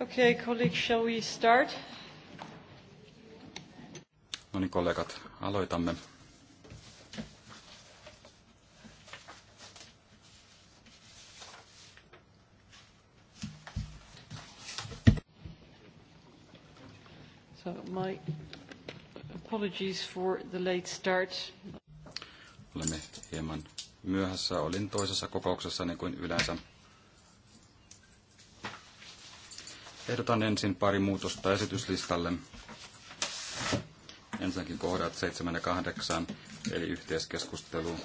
Okay, colleagues, shall we start? No niin, kollegat, aloitamme. So my apologies for the late start. Olemme hieman myöhässä. Olin toisessa kokouksessa niin kuin yleensä. Ehdotan ensin pari muutosta esityslistalle. Ensinnäkin kohdat 7 ja 8, eli yhteiskeskustelu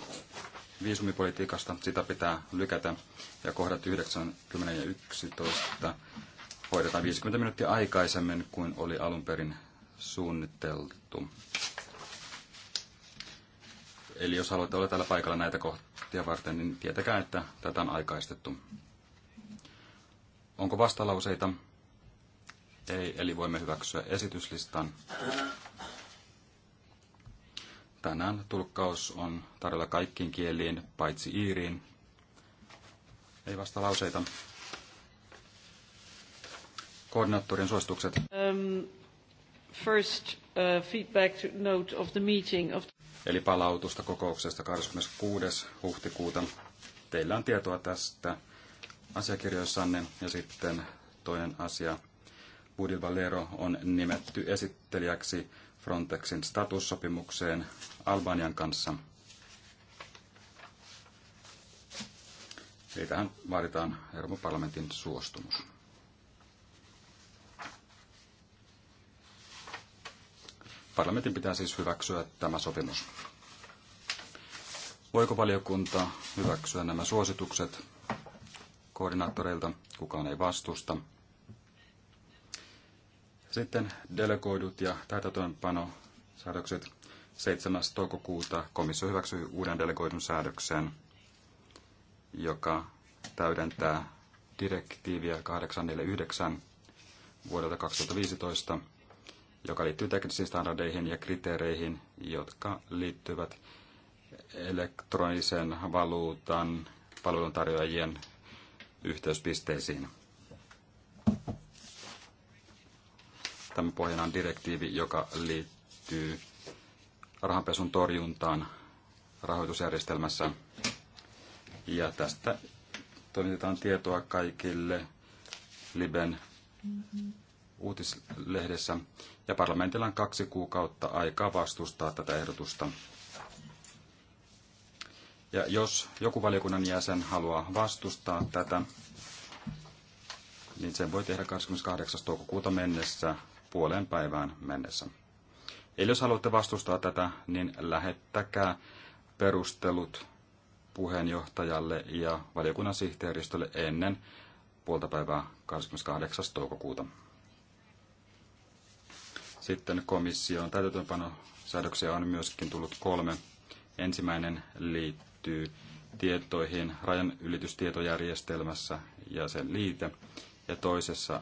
viisumipolitiikasta. Sitä pitää lykätä. Ja kohdat 9, 10 ja 11 hoidetaan 50 minuuttia aikaisemmin kuin oli alun perin suunniteltu. Eli jos haluatte olla täällä paikalla näitä kohtia varten, niin tietäkää, että tätä on aikaistettu. Onko vastalauseita? Ei, eli voimme hyväksyä esityslistan. Tänään tulkkaus on tarjolla kaikkiin kieliin, paitsi iiriin. Ei vasta lauseita. Koordinaattorin suositukset. Um, first uh, feedback note of the meeting of... Eli palautusta kokouksesta 26. huhtikuuta. Teillä on tietoa tästä asiakirjoissanne ja sitten toinen asia Budil Valero on nimetty esittelijäksi Frontexin statussopimukseen Albanian kanssa. Eli tähän vaaditaan Euroopan parlamentin suostumus. Parlamentin pitää siis hyväksyä tämä sopimus. Voiko valiokunta hyväksyä nämä suositukset koordinaattoreilta? Kukaan ei vastusta. Sitten delegoidut ja täytäntöönpanosäädökset 7. toukokuuta komissio hyväksyi uuden delegoidun säädöksen, joka täydentää direktiiviä 849 vuodelta 2015, joka liittyy teknisiin standardeihin ja kriteereihin, jotka liittyvät elektronisen valuutan palveluntarjoajien yhteyspisteisiin. Tämän pohjana on direktiivi, joka liittyy rahanpesun torjuntaan rahoitusjärjestelmässä. Ja tästä toimitetaan tietoa kaikille Liben uutislehdessä. Ja parlamentilla on kaksi kuukautta aikaa vastustaa tätä ehdotusta. Ja jos joku valiokunnan jäsen haluaa vastustaa tätä, niin sen voi tehdä 28. toukokuuta mennessä puoleen päivään mennessä. Eli jos haluatte vastustaa tätä, niin lähettäkää perustelut puheenjohtajalle ja valiokunnan sihteeristölle ennen puolta päivää 28. toukokuuta. Sitten komission täytäntöönpanosäädöksiä on myöskin tullut kolme. Ensimmäinen liittyy tietoihin rajan ylitystietojärjestelmässä ja sen liite, ja toisessa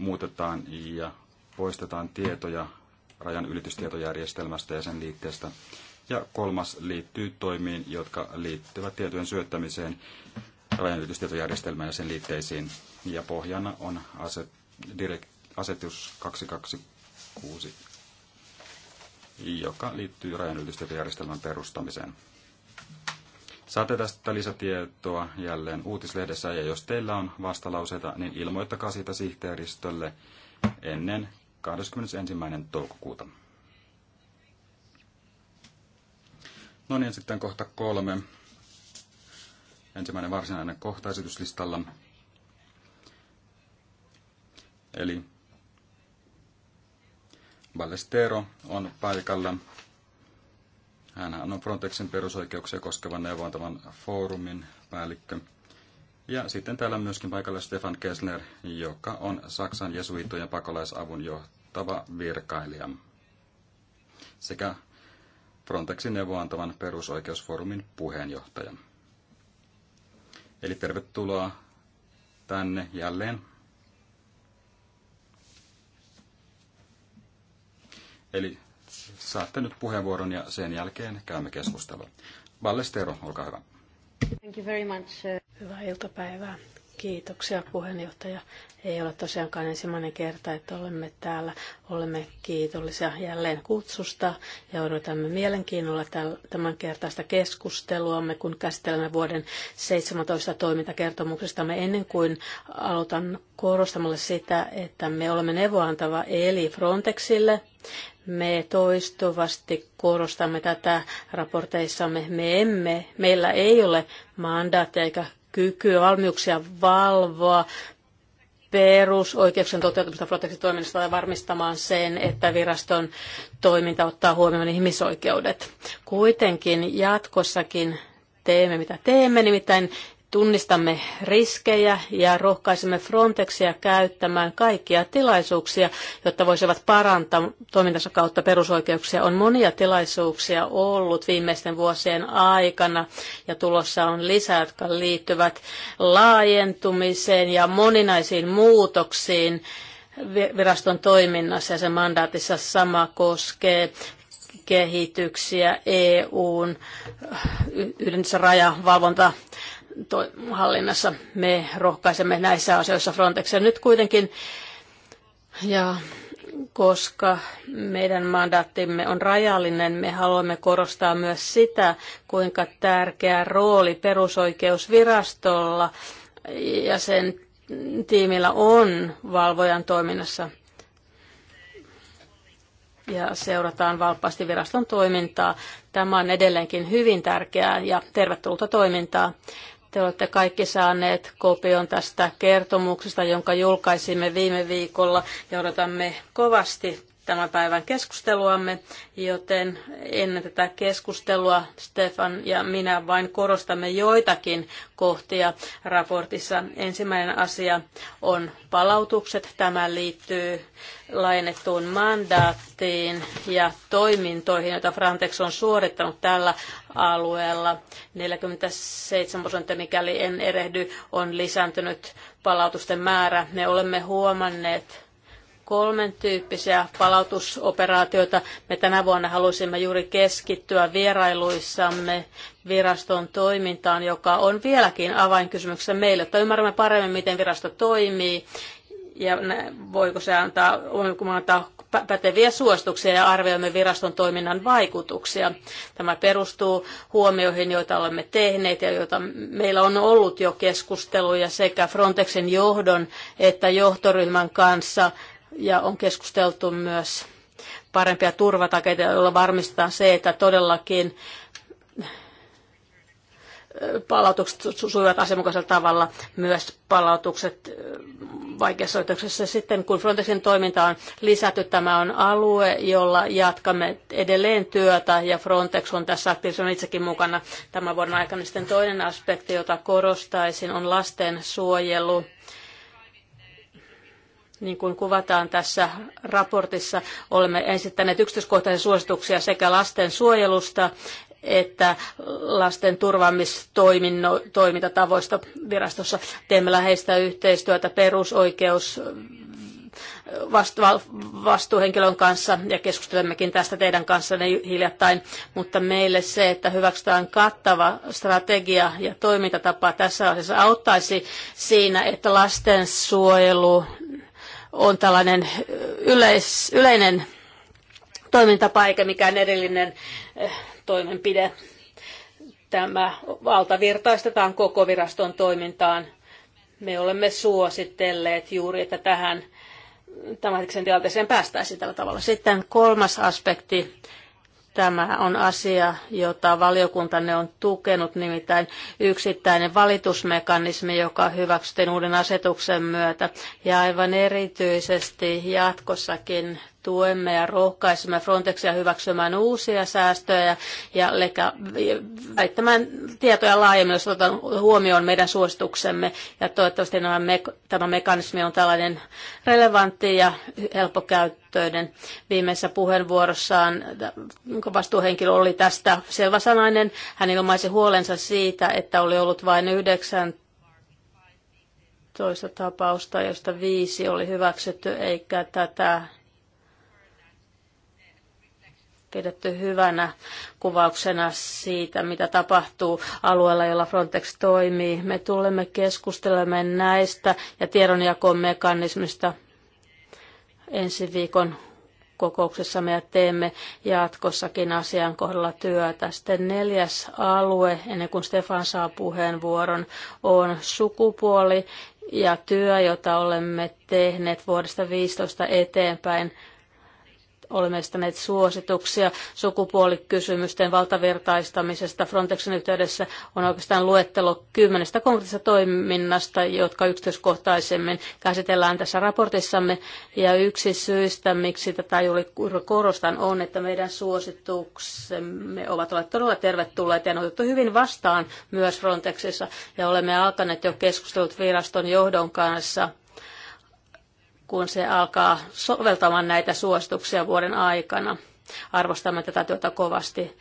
muutetaan ja poistetaan tietoja rajan ylitystietojärjestelmästä ja sen liitteestä. Ja kolmas liittyy toimiin, jotka liittyvät tietojen syöttämiseen rajan ylitystietojärjestelmään ja sen liitteisiin. Ja pohjana on aset, direkt, asetus 226, joka liittyy rajan ylitystietojärjestelmän perustamiseen. Saatte tästä lisätietoa jälleen uutislehdessä ja jos teillä on vastalauseita, niin ilmoittakaa siitä sihteeristölle ennen 21. toukokuuta. No niin, sitten kohta kolme. Ensimmäinen varsinainen kohta esityslistalla. Eli Ballestero on paikalla hän on Frontexin perusoikeuksia koskevan neuvontavan foorumin päällikkö. Ja sitten täällä on myöskin paikalla Stefan Kessler, joka on Saksan Jesuitojen pakolaisavun johtava virkailija. Sekä Frontexin neuvontavan perusoikeusfoorumin puheenjohtaja. Eli tervetuloa tänne jälleen. Eli Saatte nyt puheenvuoron ja sen jälkeen käymme keskustelua. Ballestero, olkaa hyvä. Thank you very much. Hyvää iltapäivää. Kiitoksia puheenjohtaja. Ei ole tosiaankaan ensimmäinen kerta, että olemme täällä. Olemme kiitollisia jälleen kutsusta ja odotamme mielenkiinnolla tämän kertaista keskusteluamme, kun käsittelemme vuoden 17 Me ennen kuin aloitan korostamalla sitä, että me olemme neuvoantava eli Frontexille. Me toistuvasti korostamme tätä raporteissamme. Me emme, meillä ei ole mandaattia eikä kykyä, valmiuksia valvoa perusoikeuksien toteutumista Frontexin ja varmistamaan sen, että viraston toiminta ottaa huomioon ihmisoikeudet. Kuitenkin jatkossakin teemme mitä teemme, nimittäin tunnistamme riskejä ja rohkaisemme Frontexia käyttämään kaikkia tilaisuuksia, jotta voisivat parantaa toimintansa kautta perusoikeuksia. On monia tilaisuuksia ollut viimeisten vuosien aikana ja tulossa on lisää, jotka liittyvät laajentumiseen ja moninaisiin muutoksiin viraston toiminnassa ja sen mandaatissa sama koskee kehityksiä EUn yhdessä rajavalvonta hallinnassa. Me rohkaisemme näissä asioissa Frontexia nyt kuitenkin. Ja koska meidän mandaattimme on rajallinen, me haluamme korostaa myös sitä, kuinka tärkeä rooli perusoikeusvirastolla ja sen tiimillä on valvojan toiminnassa. Ja seurataan valppaasti viraston toimintaa. Tämä on edelleenkin hyvin tärkeää ja tervetullutta toimintaa. Te olette kaikki saaneet kopion tästä kertomuksesta, jonka julkaisimme viime viikolla ja odotamme kovasti tämän päivän keskusteluamme, joten ennen tätä keskustelua Stefan ja minä vain korostamme joitakin kohtia raportissa. Ensimmäinen asia on palautukset. Tämä liittyy lainettuun mandaattiin ja toimintoihin, joita Frontex on suorittanut tällä alueella. 47 prosenttia, mikäli en erehdy, on lisääntynyt palautusten määrä. Me olemme huomanneet kolmen tyyppisiä palautusoperaatioita. Me tänä vuonna halusimme juuri keskittyä vierailuissamme viraston toimintaan, joka on vieläkin avainkysymyksessä meille, että ymmärrämme paremmin, miten virasto toimii ja voiko se antaa, voiko antaa päteviä suosituksia ja arvioimme viraston toiminnan vaikutuksia. Tämä perustuu huomioihin, joita olemme tehneet ja joita meillä on ollut jo keskusteluja sekä Frontexin johdon että johtoryhmän kanssa ja on keskusteltu myös parempia turvatakeita, joilla varmistetaan se, että todellakin palautukset sujuvat asianmukaisella tavalla, myös palautukset vaikeassa oikeuksessa. Sitten kun Frontexin toiminta on lisätty, tämä on alue, jolla jatkamme edelleen työtä ja Frontex on tässä aktiivisesti itsekin mukana tämän vuoden aikana. Sitten toinen aspekti, jota korostaisin, on lasten suojelu niin kuin kuvataan tässä raportissa, olemme esittäneet yksityiskohtaisia suosituksia sekä lasten suojelusta että lasten turvaamistoimintatavoista virastossa. Teemme läheistä yhteistyötä perusoikeus vastuuhenkilön kanssa ja keskustelemmekin tästä teidän kanssanne hiljattain, mutta meille se, että hyväksytään kattava strategia ja toimintatapa tässä asiassa auttaisi siinä, että lastensuojelu on tällainen yleis, yleinen toimintapa eikä mikään erillinen toimenpide. Tämä valtavirtaistetaan koko viraston toimintaan. Me olemme suositelleet juuri, että tähän tämän tilanteeseen päästäisiin tällä tavalla. Sitten kolmas aspekti Tämä on asia, jota valiokuntanne on tukenut, nimittäin yksittäinen valitusmekanismi, joka hyväksyttiin uuden asetuksen myötä. Ja aivan erityisesti jatkossakin tuemme ja rohkaisemme Frontexia hyväksymään uusia säästöjä ja väittämään tietoja laajemmin, jos otetaan huomioon meidän suosituksemme. Ja toivottavasti nämä me, tämä mekanismi on tällainen relevantti ja helppokäyttöinen. Viimeisessä puheenvuorossaan vastuuhenkilö oli tästä selväsanainen. Hän ilmaisi huolensa siitä, että oli ollut vain yhdeksän toista tapausta, josta viisi oli hyväksytty, eikä tätä pidetty hyvänä kuvauksena siitä, mitä tapahtuu alueella, jolla Frontex toimii. Me tulemme keskustelemaan näistä ja tiedonjakomekanismista ensi viikon kokouksessa me teemme jatkossakin asian kohdalla työtä. Sitten neljäs alue, ennen kuin Stefan saa puheenvuoron, on sukupuoli ja työ, jota olemme tehneet vuodesta 15 eteenpäin olemme esittäneet suosituksia sukupuolikysymysten valtavirtaistamisesta. Frontexin yhteydessä on oikeastaan luettelo kymmenestä konkreettisesta toiminnasta, jotka yksityiskohtaisemmin käsitellään tässä raportissamme. Ja yksi syistä, miksi tätä juuri korostan, on, että meidän suosituksemme ovat olleet todella tervetulleita ja ne on otettu hyvin vastaan myös Frontexissa. Ja olemme alkaneet jo keskustelut viraston johdon kanssa kun se alkaa soveltamaan näitä suosituksia vuoden aikana. Arvostamme tätä työtä kovasti.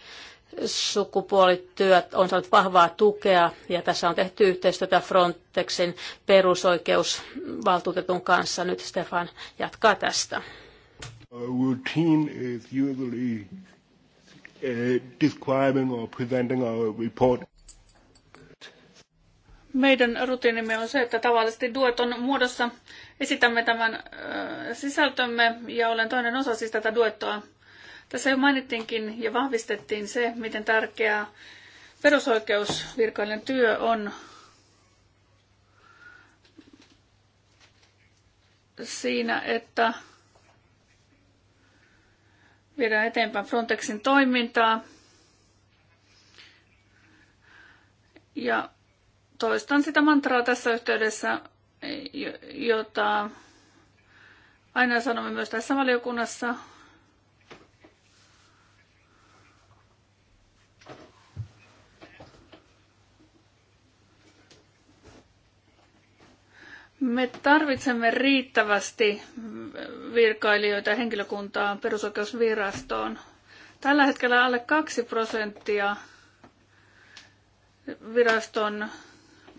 Sukupuolityöt on saanut vahvaa tukea ja tässä on tehty yhteistyötä Frontexin perusoikeusvaltuutetun kanssa. Nyt Stefan jatkaa tästä. Uh, Meidän rutiinimme on se, että tavallisesti dueton muodossa esitämme tämän sisältömme ja olen toinen osa siis tätä duettoa. Tässä jo mainittiinkin ja vahvistettiin se, miten tärkeää perusoikeusvirkailijan työ on siinä, että viedään eteenpäin Frontexin toimintaa. Ja toistan sitä mantraa tässä yhteydessä, jota aina sanomme myös tässä valiokunnassa, Me tarvitsemme riittävästi virkailijoita ja henkilökuntaa perusoikeusvirastoon. Tällä hetkellä alle 2 prosenttia viraston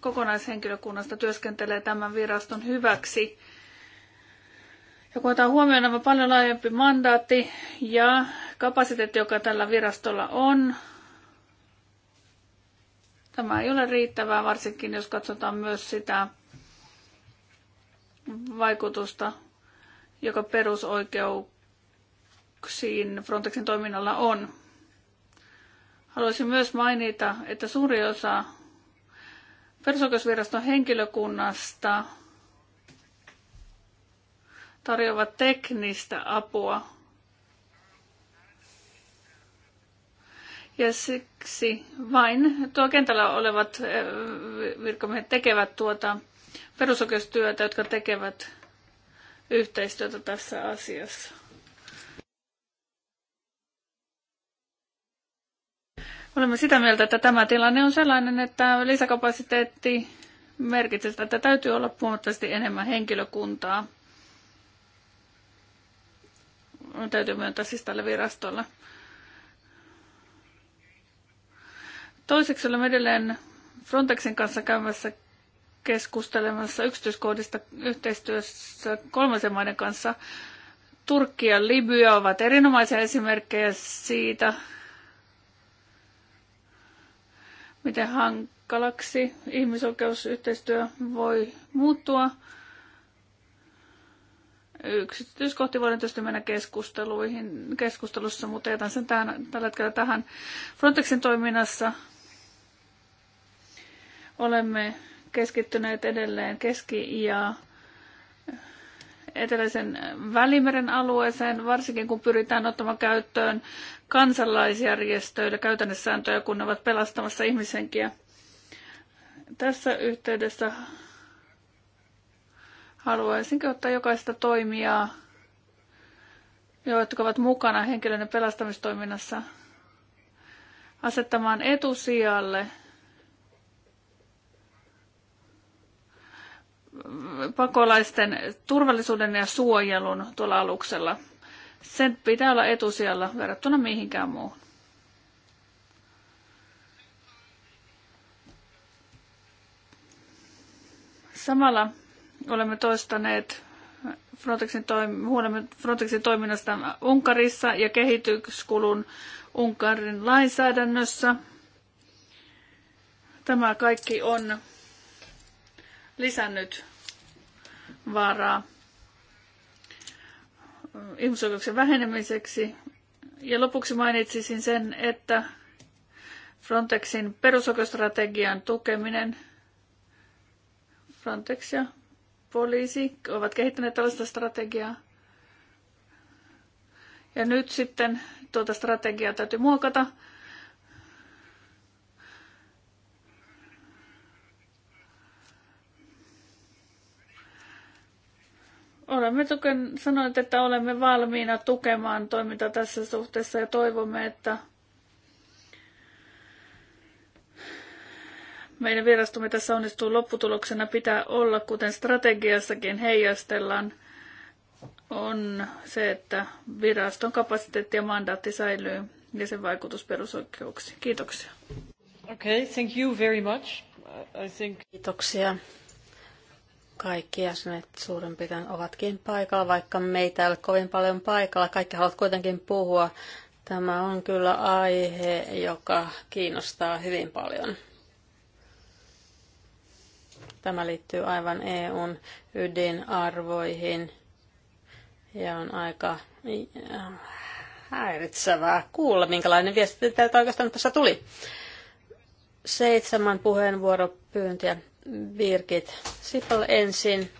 kokonaishenkilökunnasta työskentelee tämän viraston hyväksi. Ja kun otetaan huomioon nämä paljon laajempi mandaatti ja kapasiteetti, joka tällä virastolla on, tämä ei ole riittävää, varsinkin jos katsotaan myös sitä vaikutusta, joka perusoikeuksiin Frontexin toiminnalla on. Haluaisin myös mainita, että suuri osa perusoikeusviraston henkilökunnasta tarjoavat teknistä apua. Ja siksi vain tuo kentällä olevat eh, virkamiehet tekevät tuota perusoikeustyötä, jotka tekevät yhteistyötä tässä asiassa. Olemme sitä mieltä, että tämä tilanne on sellainen, että lisäkapasiteetti merkitsee että täytyy olla huomattavasti enemmän henkilökuntaa. Täytyy myöntää siis tälle virastolle. Toiseksi olemme edelleen Frontexin kanssa käymässä keskustelemassa yksityiskohdista yhteistyössä kolmasen maiden kanssa. Turkki ja Libya ovat erinomaisia esimerkkejä siitä, miten hankalaksi ihmisoikeusyhteistyö voi muuttua. Yksityiskohti voidaan tietysti mennä keskusteluihin, keskustelussa, mutta jätän sen tämän, tällä hetkellä tähän Frontexin toiminnassa. Olemme keskittyneet edelleen Keski- ja eteläisen välimeren alueeseen, varsinkin kun pyritään ottamaan käyttöön kansalaisjärjestöillä käytännössääntöjä, kun ne ovat pelastamassa ihmishenkiä. Tässä yhteydessä haluaisin ottaa jokaista toimijaa, jotka ovat mukana henkilöiden pelastamistoiminnassa, asettamaan etusijalle – pakolaisten turvallisuuden ja suojelun tuolla aluksella. Sen pitää olla etusijalla verrattuna mihinkään muuhun. Samalla olemme toistaneet Frontexin, toim- Frontexin toiminnasta Unkarissa ja kehityskulun Unkarin lainsäädännössä. Tämä kaikki on lisännyt vaaraa ihmisoikeuksien vähenemiseksi. Ja lopuksi mainitsisin sen, että Frontexin perusoikeustrategian tukeminen, Frontex ja poliisi ovat kehittäneet tällaista strategiaa. Ja nyt sitten tuota strategiaa täytyy muokata olemme tuken, sanoneet, että olemme valmiina tukemaan toimintaa tässä suhteessa ja toivomme, että meidän virastomme tässä onnistuu lopputuloksena pitää olla, kuten strategiassakin heijastellaan, on se, että viraston kapasiteetti ja mandaatti säilyy ja sen vaikutus perusoikeuksiin. Kiitoksia. Okay, thank you very much. I think... Kiitoksia. Kaikki jäsenet suurin piirtein ovatkin paikalla, vaikka meitä ei ole kovin paljon paikalla. Kaikki haluat kuitenkin puhua. Tämä on kyllä aihe, joka kiinnostaa hyvin paljon. Tämä liittyy aivan EUn ydinarvoihin ja on aika äh, häiritsevää kuulla, minkälainen viesti teiltä oikeastaan tässä tuli. Seitsemän puheenvuoropyyntiä. Birgit Sipol ensin.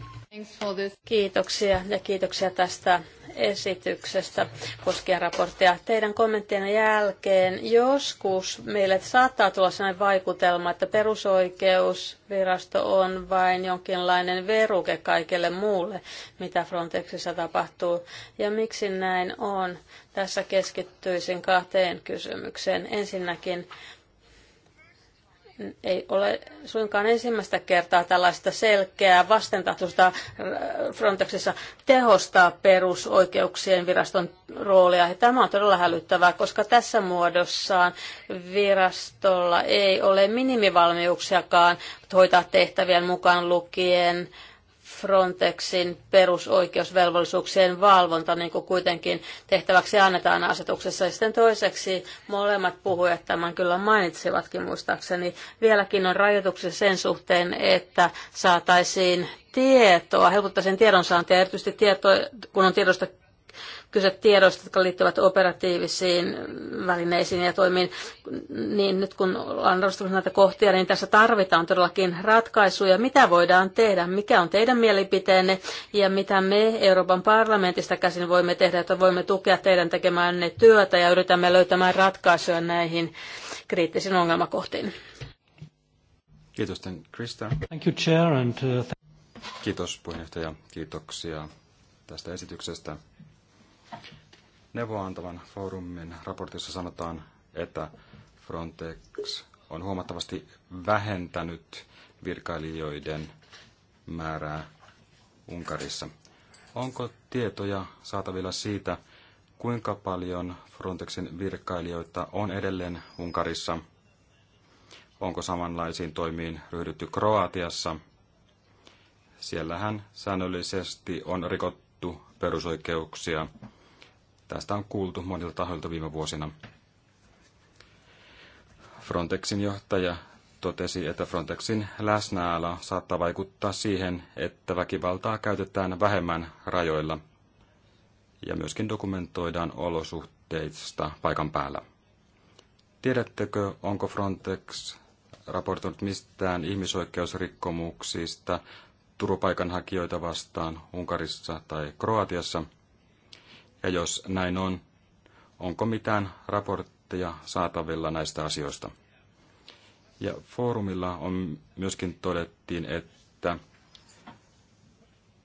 Kiitoksia ja kiitoksia tästä esityksestä koskien raporttia. Teidän kommenttien jälkeen joskus meille saattaa tulla sellainen vaikutelma, että perusoikeusvirasto on vain jonkinlainen veruke kaikelle muulle, mitä Frontexissa tapahtuu. Ja miksi näin on? Tässä keskittyisin kahteen kysymykseen. Ensinnäkin ei ole suinkaan ensimmäistä kertaa tällaista selkeää vastentahtoista äh, Frontexissa tehostaa perusoikeuksien viraston roolia. Ja tämä on todella hälyttävää, koska tässä muodossaan virastolla ei ole minimivalmiuksiakaan hoitaa tehtävien mukaan lukien Frontexin perusoikeusvelvollisuuksien valvonta, niin kuin kuitenkin tehtäväksi annetaan asetuksessa. Ja sitten toiseksi molemmat puhujat tämän kyllä mainitsivatkin muistaakseni. Vieläkin on rajoituksia sen suhteen, että saataisiin tietoa, helpottaisiin tiedonsaantia, erityisesti tietoa, kun on tiedosta kyse tiedoista, jotka liittyvät operatiivisiin välineisiin ja toimiin. Niin nyt kun ollaan ravistamassa näitä kohtia, niin tässä tarvitaan todellakin ratkaisuja. Mitä voidaan tehdä? Mikä on teidän mielipiteenne? Ja mitä me Euroopan parlamentista käsin voimme tehdä, että voimme tukea teidän ne työtä ja yritämme löytämään ratkaisuja näihin kriittisiin ongelmakohtiin? Kiitos, Krista. Thank you, Chair, and, uh, Kiitos puheenjohtaja, kiitoksia tästä esityksestä neuvoantavan foorumin raportissa sanotaan, että Frontex on huomattavasti vähentänyt virkailijoiden määrää Unkarissa. Onko tietoja saatavilla siitä, kuinka paljon Frontexin virkailijoita on edelleen Unkarissa? Onko samanlaisiin toimiin ryhdytty Kroatiassa? Siellähän säännöllisesti on rikottu perusoikeuksia Tästä on kuultu monilta tahoilta viime vuosina. Frontexin johtaja totesi, että Frontexin läsnäala saattaa vaikuttaa siihen, että väkivaltaa käytetään vähemmän rajoilla ja myöskin dokumentoidaan olosuhteista paikan päällä. Tiedättekö, onko Frontex raportoinut mistään ihmisoikeusrikkomuksista turvapaikanhakijoita vastaan Unkarissa tai Kroatiassa – ja jos näin on, onko mitään raportteja saatavilla näistä asioista? Ja foorumilla on myöskin todettiin, että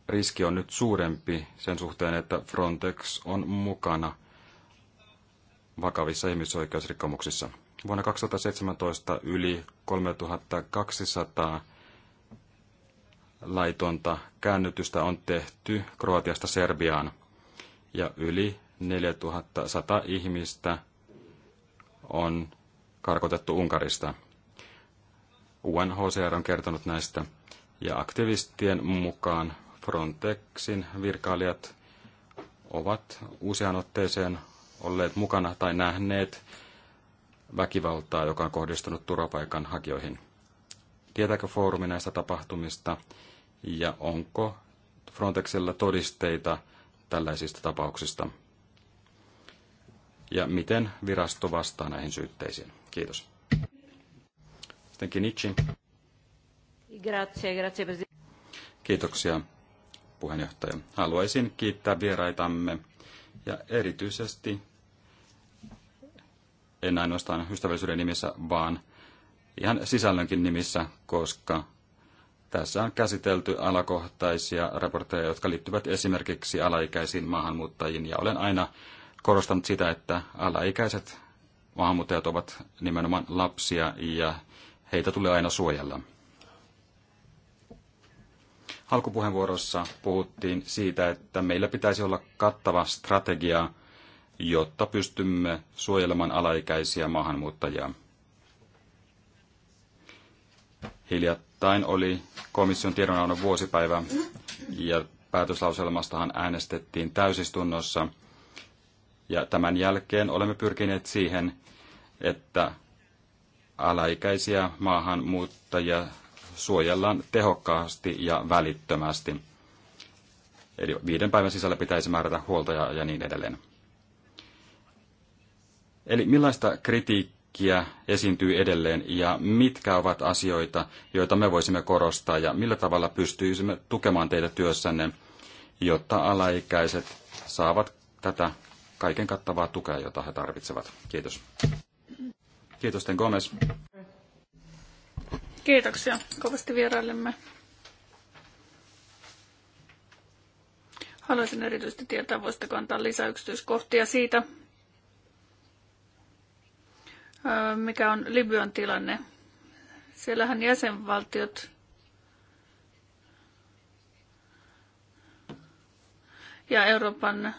riski on nyt suurempi sen suhteen, että Frontex on mukana vakavissa ihmisoikeusrikkomuksissa. Vuonna 2017 yli 3200 laitonta käännytystä on tehty Kroatiasta Serbiaan – ja yli 4100 ihmistä on karkotettu Unkarista. UNHCR on kertonut näistä ja aktivistien mukaan Frontexin virkailijat ovat usean otteeseen olleet mukana tai nähneet väkivaltaa, joka on kohdistunut turvapaikanhakijoihin. Tietääkö foorumi näistä tapahtumista ja onko Frontexilla todisteita tällaisista tapauksista ja miten virasto vastaa näihin syytteisiin. Kiitos. Sitten Kinichi. Grazie, grazie, Kiitoksia puheenjohtaja. Haluaisin kiittää vieraitamme ja erityisesti en ainoastaan ystävällisyyden nimissä, vaan ihan sisällönkin nimissä, koska tässä on käsitelty alakohtaisia raportteja, jotka liittyvät esimerkiksi alaikäisiin maahanmuuttajiin, ja olen aina korostanut sitä, että alaikäiset maahanmuuttajat ovat nimenomaan lapsia ja heitä tulee aina suojella. Alkupuheenvuorossa puhuttiin siitä, että meillä pitäisi olla kattava strategia, jotta pystymme suojelemaan alaikäisiä maahanmuuttajia. Hiljattain Tiistain oli komission tiedonannon vuosipäivä ja päätöslauselmastahan äänestettiin täysistunnossa. Ja tämän jälkeen olemme pyrkineet siihen, että alaikäisiä maahanmuuttajia suojellaan tehokkaasti ja välittömästi. Eli viiden päivän sisällä pitäisi määrätä huoltaja ja niin edelleen. Eli millaista kritiikkiä riskiä esiintyy edelleen ja mitkä ovat asioita, joita me voisimme korostaa ja millä tavalla pystyisimme tukemaan teitä työssänne, jotta alaikäiset saavat tätä kaiken kattavaa tukea, jota he tarvitsevat. Kiitos. Kiitos, Ten Gomez. Kiitoksia kovasti vieraillemme. Haluaisin erityisesti tietää, voisitteko antaa lisäyksityiskohtia siitä, mikä on Libyan tilanne. Siellähän jäsenvaltiot ja Euroopan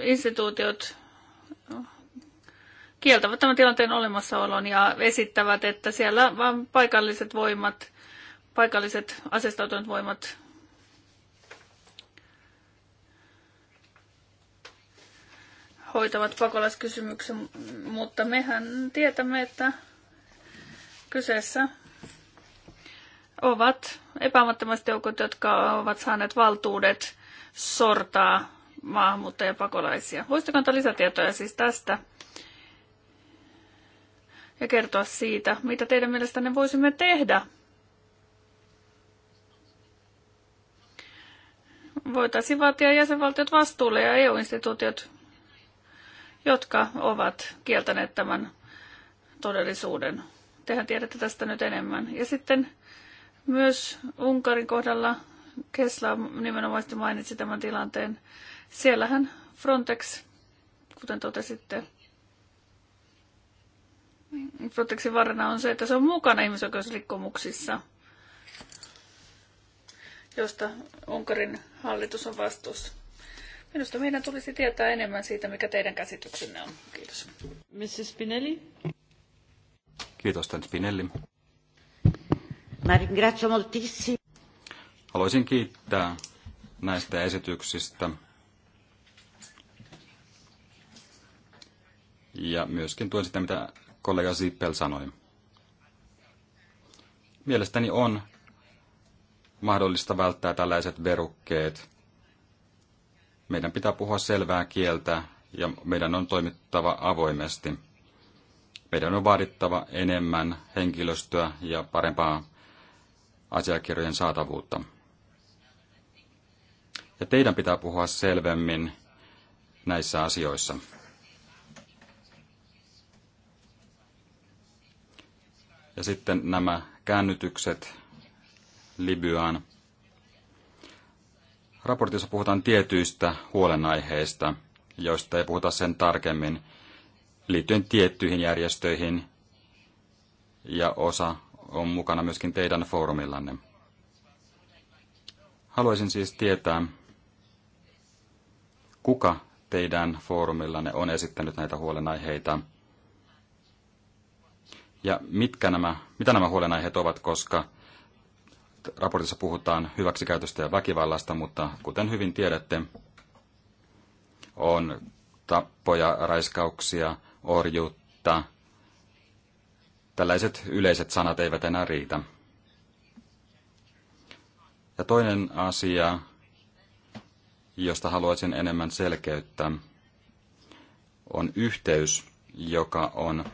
instituutiot kieltävät tämän tilanteen olemassaolon ja esittävät, että siellä vain paikalliset voimat, paikalliset asestautuneet voimat hoitavat pakolaiskysymyksen, mutta mehän tietämme, että kyseessä ovat epämättömästi joukot, jotka ovat saaneet valtuudet sortaa maahanmuuttajapakolaisia. Voisitteko antaa lisätietoja siis tästä ja kertoa siitä, mitä teidän mielestänne voisimme tehdä? Voitaisiin vaatia jäsenvaltiot vastuulle ja EU-instituutiot jotka ovat kieltäneet tämän todellisuuden. Tehän tiedätte tästä nyt enemmän. Ja sitten myös Unkarin kohdalla Kesla nimenomaan mainitsi tämän tilanteen. Siellähän Frontex, kuten totesitte, Frontexin varrena on se, että se on mukana ihmisoikeusrikkomuksissa, josta Unkarin hallitus on vastuussa. Minusta meidän tulisi tietää enemmän siitä, mikä teidän käsityksenne on. Kiitos. Mrs. Spinelli. Kiitos, Tän Spinelli. Mä ringrazio moltissimo. Haluaisin kiittää näistä esityksistä ja myöskin tuen sitä, mitä kollega Zippel sanoi. Mielestäni on mahdollista välttää tällaiset verukkeet – meidän pitää puhua selvää kieltä ja meidän on toimittava avoimesti. Meidän on vaadittava enemmän henkilöstöä ja parempaa asiakirjojen saatavuutta. Ja teidän pitää puhua selvemmin näissä asioissa. Ja sitten nämä käännytykset Libyaan – Raportissa puhutaan tietyistä huolenaiheista, joista ei puhuta sen tarkemmin, liittyen tiettyihin järjestöihin, ja osa on mukana myöskin teidän foorumillanne. Haluaisin siis tietää, kuka teidän foorumillanne on esittänyt näitä huolenaiheita, ja mitkä nämä, mitä nämä huolenaiheet ovat, koska raportissa puhutaan hyväksikäytöstä ja väkivallasta, mutta kuten hyvin tiedätte, on tappoja, raiskauksia, orjuutta. Tällaiset yleiset sanat eivät enää riitä. Ja toinen asia, josta haluaisin enemmän selkeyttää, on yhteys, joka on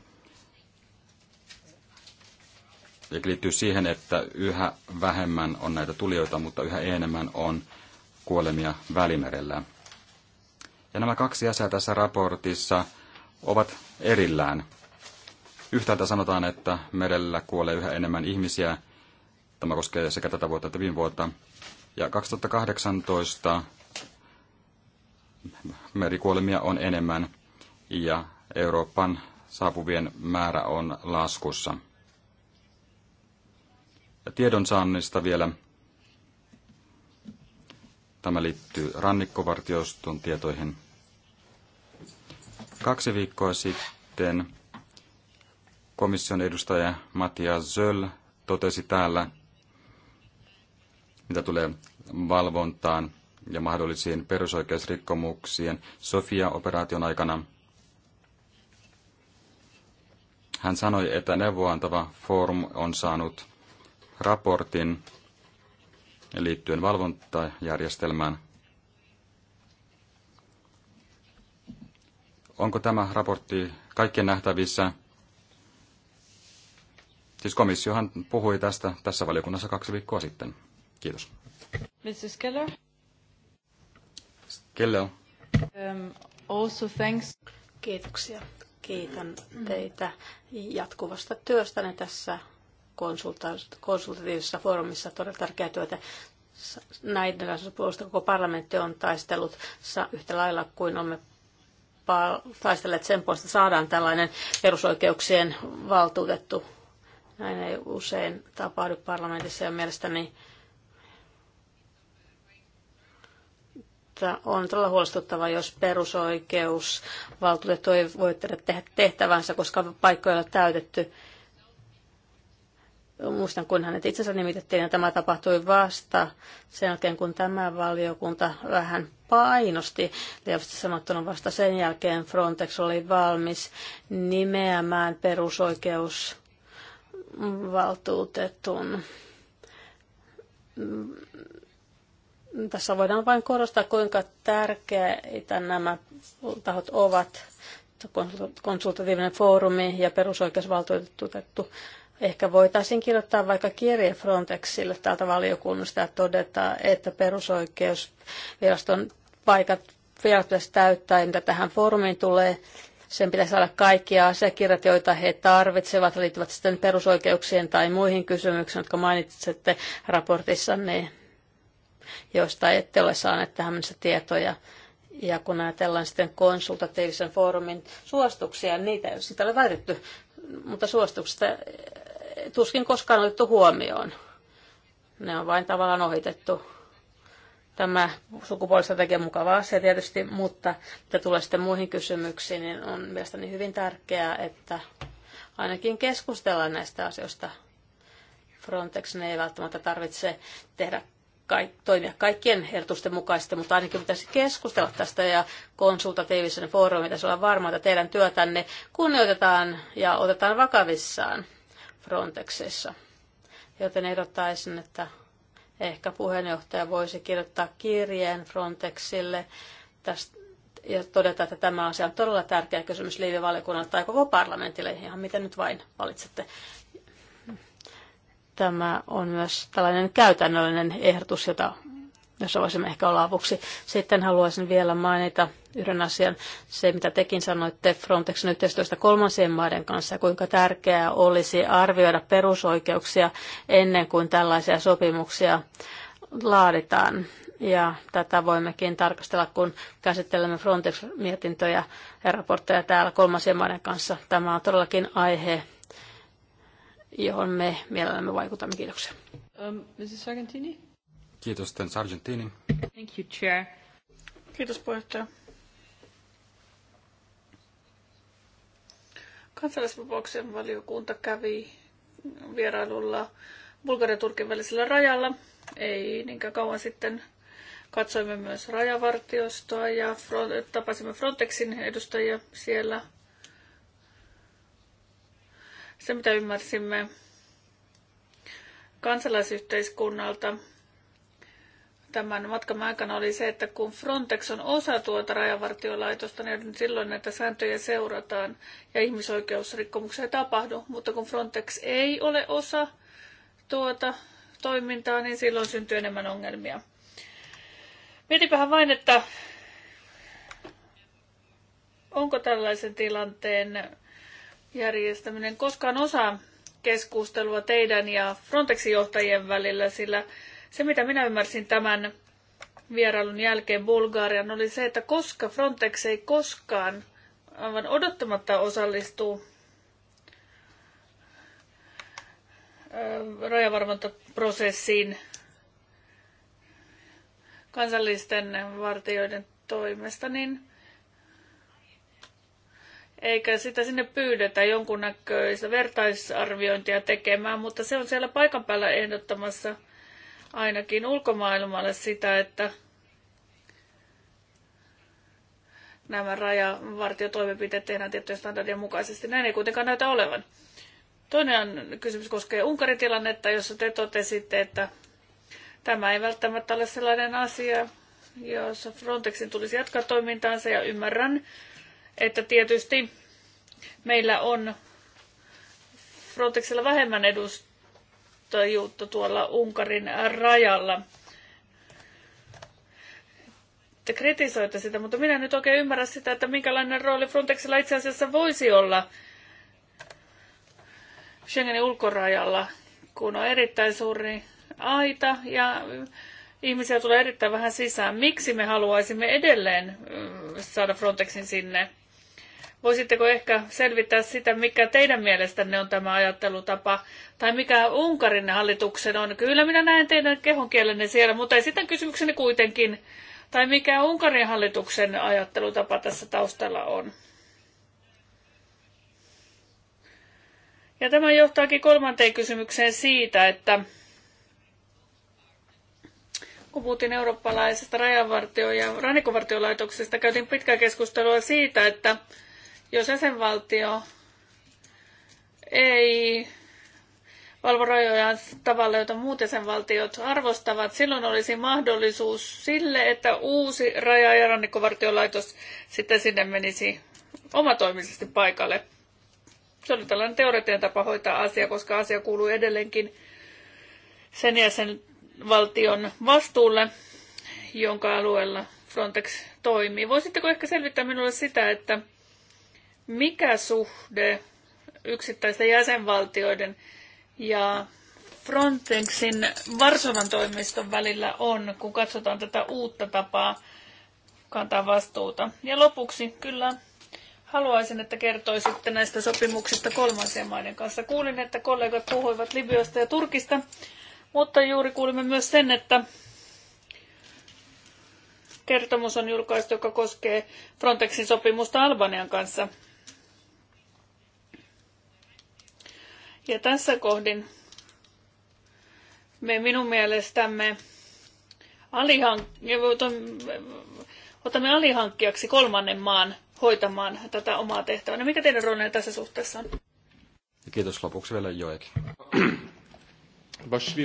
ja liittyy siihen, että yhä vähemmän on näitä tulijoita, mutta yhä enemmän on kuolemia välimerellä. Ja nämä kaksi asiaa tässä raportissa ovat erillään. Yhtäältä sanotaan, että merellä kuolee yhä enemmän ihmisiä. Tämä koskee sekä tätä vuotta että viime vuotta. Ja 2018 merikuolemia on enemmän ja Euroopan saapuvien määrä on laskussa tiedonsaannista vielä. Tämä liittyy rannikkovartioston tietoihin. Kaksi viikkoa sitten komission edustaja Mattia Zöll totesi täällä, mitä tulee valvontaan ja mahdollisiin perusoikeusrikkomuksien Sofia-operaation aikana. Hän sanoi, että neuvoantava foorum on saanut raportin liittyen valvontajärjestelmään. Onko tämä raportti kaikkien nähtävissä? Siis komissiohan puhui tästä tässä valiokunnassa kaksi viikkoa sitten. Kiitos. Mrs. Keller. Keller. Um, also thanks. Kiitoksia. Kiitän teitä jatkuvasta työstänne tässä konsultatiivisessa foorumissa todella tärkeää työtä. Näiden puolesta koko parlamentti on taistellut yhtä lailla kuin olemme taistelleet sen puolesta, saadaan tällainen perusoikeuksien valtuutettu. Näin ei usein tapahdu parlamentissa ja mielestäni on todella huolestuttavaa, jos perusoikeusvaltuutettu ei voi tehdä tehtävänsä, koska paikkoja ei ole täytetty. Muistan, kun hänet asiassa nimitettiin, ja tämä tapahtui vasta sen jälkeen, kun tämä valiokunta vähän painosti. Lievästi sanottuna vasta sen jälkeen Frontex oli valmis nimeämään perusoikeusvaltuutetun tässä voidaan vain korostaa, kuinka tärkeitä nämä tahot ovat, konsultatiivinen foorumi ja perusoikeusvaltuutettu Ehkä voitaisiin kirjoittaa vaikka kirje Frontexille täältä valiokunnasta ja todeta, että perusoikeusviraston paikat pitäisi täyttää, mitä tähän foorumiin tulee. Sen pitäisi saada kaikki asiakirjat, joita he tarvitsevat, liittyvät sitten perusoikeuksien tai muihin kysymyksiin, jotka mainitsette raportissanne, joista ette ole saaneet tähän mennessä tietoja. Ja kun ajatellaan sitten konsultatiivisen foorumin suostuksia, niitä ei sitä ole vältetty, mutta suostuksista tuskin koskaan otettu huomioon. Ne on vain tavallaan ohitettu. Tämä sukupuolista tekee mukava asia tietysti, mutta mitä tulee sitten muihin kysymyksiin, niin on mielestäni hyvin tärkeää, että ainakin keskustellaan näistä asioista. Frontex ei välttämättä tarvitse tehdä toimia kaikkien ehdotusten mukaisesti, mutta ainakin pitäisi keskustella tästä ja konsultatiivisen foorumin pitäisi olla varma, että teidän työtänne kunnioitetaan ja otetaan vakavissaan. Frontexissa. Joten ehdottaisin, että ehkä puheenjohtaja voisi kirjoittaa kirjeen Frontexille tästä ja todeta, että tämä asia on todella tärkeä kysymys liivivaliokunnalle tai koko parlamentille, ihan miten nyt vain valitsette. Tämä on myös tällainen käytännöllinen ehdotus, jota jossa voisimme ehkä olla avuksi. Sitten haluaisin vielä mainita yhden asian, se mitä tekin sanoitte Frontexin yhteistyöstä kolmansien maiden kanssa, kuinka tärkeää olisi arvioida perusoikeuksia ennen kuin tällaisia sopimuksia laaditaan. Ja tätä voimmekin tarkastella, kun käsittelemme Frontex-mietintöjä ja raportteja täällä kolmansien maiden kanssa. Tämä on todellakin aihe, johon me mielellämme vaikutamme. Kiitoksia. Um, Mrs. Sargentini? Kiitos, Tens Argentini. Thank you, Chair. Kiitos, puheenjohtaja. Kansalaisvapauksien valiokunta kävi vierailulla Bulgarian ja Turkin välisellä rajalla. Ei niinkään kauan sitten katsoimme myös rajavartiostoa ja tapasimme Frontexin edustajia siellä. Se, mitä ymmärsimme kansalaisyhteiskunnalta tämän matkan aikana oli se, että kun Frontex on osa tuota rajavartiolaitosta, niin silloin näitä sääntöjä seurataan ja ihmisoikeusrikkomuksia ei tapahdu. Mutta kun Frontex ei ole osa tuota toimintaa, niin silloin syntyy enemmän ongelmia. Mietipähän vain, että onko tällaisen tilanteen järjestäminen koskaan osa keskustelua teidän ja Frontexin johtajien välillä, sillä se, mitä minä ymmärsin tämän vierailun jälkeen Bulgarian, oli se, että koska Frontex ei koskaan aivan odottamatta osallistuu rajavarvontaprosessiin kansallisten vartijoiden toimesta, niin eikä sitä sinne pyydetä jonkunnäköistä vertaisarviointia tekemään, mutta se on siellä paikan päällä ehdottamassa – ainakin ulkomaailmalle sitä, että nämä rajavartiotoimenpiteet tehdään tiettyjen standardien mukaisesti. Näin ei kuitenkaan näytä olevan. Toinen kysymys koskee Unkarin tilannetta, jossa te totesitte, että tämä ei välttämättä ole sellainen asia, jossa Frontexin tulisi jatkaa toimintaansa ja ymmärrän, että tietysti meillä on Frontexilla vähemmän edustajia johtajuutta tuolla Unkarin rajalla. Te kritisoitte sitä, mutta minä nyt oikein ymmärrän sitä, että minkälainen rooli Frontexilla itse asiassa voisi olla Schengenin ulkorajalla, kun on erittäin suuri aita ja ihmisiä tulee erittäin vähän sisään. Miksi me haluaisimme edelleen mm, saada Frontexin sinne? Voisitteko ehkä selvittää sitä, mikä teidän mielestänne on tämä ajattelutapa, tai mikä Unkarin hallituksen on? Kyllä minä näen teidän kehonkielenne siellä, mutta esitän kysymykseni kuitenkin. Tai mikä Unkarin hallituksen ajattelutapa tässä taustalla on? Ja tämä johtaakin kolmanteen kysymykseen siitä, että kun puhuttiin eurooppalaisesta rajavartio- ja rannikkovartiolaitoksesta, käytiin pitkää keskustelua siitä, että jos jäsenvaltio ei valvo rajojaan tavalla, jota muut jäsenvaltiot arvostavat, silloin olisi mahdollisuus sille, että uusi raja- ja rannikkovartiolaitos sitten sinne menisi omatoimisesti paikalle. Se oli tällainen teoreettinen tapa hoitaa asia, koska asia kuuluu edelleenkin sen jäsenvaltion vastuulle, jonka alueella Frontex toimii. Voisitteko ehkä selvittää minulle sitä, että mikä suhde yksittäisten jäsenvaltioiden ja Frontexin Varsovan toimiston välillä on, kun katsotaan tätä uutta tapaa kantaa vastuuta. Ja lopuksi kyllä haluaisin, että kertoisitte näistä sopimuksista kolmansien maiden kanssa. Kuulin, että kollegat puhuivat Libyasta ja Turkista, mutta juuri kuulimme myös sen, että kertomus on julkaistu, joka koskee Frontexin sopimusta Albanian kanssa – Ja tässä kohdin me minun mielestämme alihank- otamme alihankkijaksi kolmannen maan hoitamaan tätä omaa tehtävää. No, mikä teidän roolinne tässä suhteessa on? Kiitos lopuksi vielä Joek.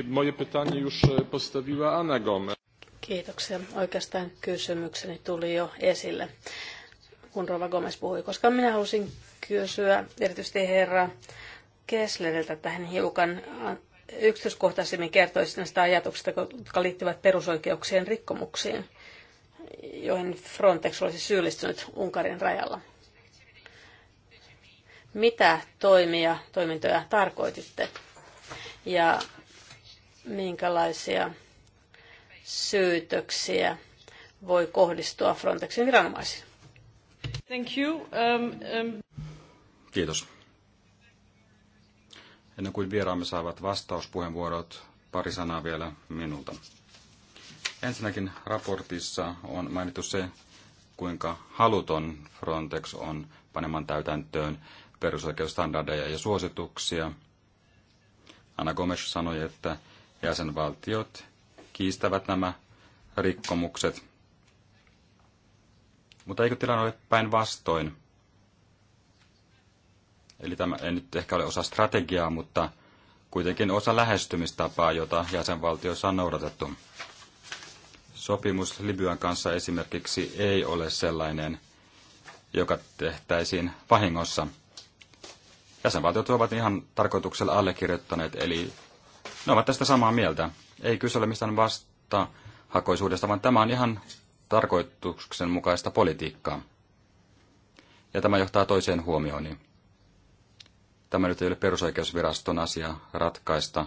moje pytanie już e, postawiła Anna Gomez. Kiitoksia. Oikeastaan kysymykseni tuli jo esille, kun Rova Gomez puhui, koska minä halusin kysyä erityisesti herra Kessleriltä, että hän hiukan äh, yksityiskohtaisemmin kertoisi näistä ajatuksista, jotka liittyvät perusoikeuksien rikkomuksiin, joihin Frontex olisi syyllistynyt Unkarin rajalla. Mitä toimia, toimintoja tarkoititte ja minkälaisia syytöksiä voi kohdistua Frontexin viranomaisiin? Thank you. Um, um... Kiitos. Ennen kuin vieraamme saavat vastauspuheenvuorot, pari sanaa vielä minulta. Ensinnäkin raportissa on mainittu se, kuinka haluton Frontex on panemaan täytäntöön perusoikeusstandardeja ja suosituksia. Anna Gomes sanoi, että jäsenvaltiot kiistävät nämä rikkomukset. Mutta eikö tilanne ole päinvastoin? Eli tämä ei nyt ehkä ole osa strategiaa, mutta kuitenkin osa lähestymistapaa, jota jäsenvaltioissa on noudatettu. Sopimus Libyan kanssa esimerkiksi ei ole sellainen, joka tehtäisiin vahingossa. Jäsenvaltiot ovat ihan tarkoituksella allekirjoittaneet, eli ne ovat tästä samaa mieltä. Ei kyse ole mistään vastahakoisuudesta, vaan tämä on ihan mukaista politiikkaa. Ja tämä johtaa toiseen huomiooni. Tämä nyt ei ole perusoikeusviraston asia ratkaista.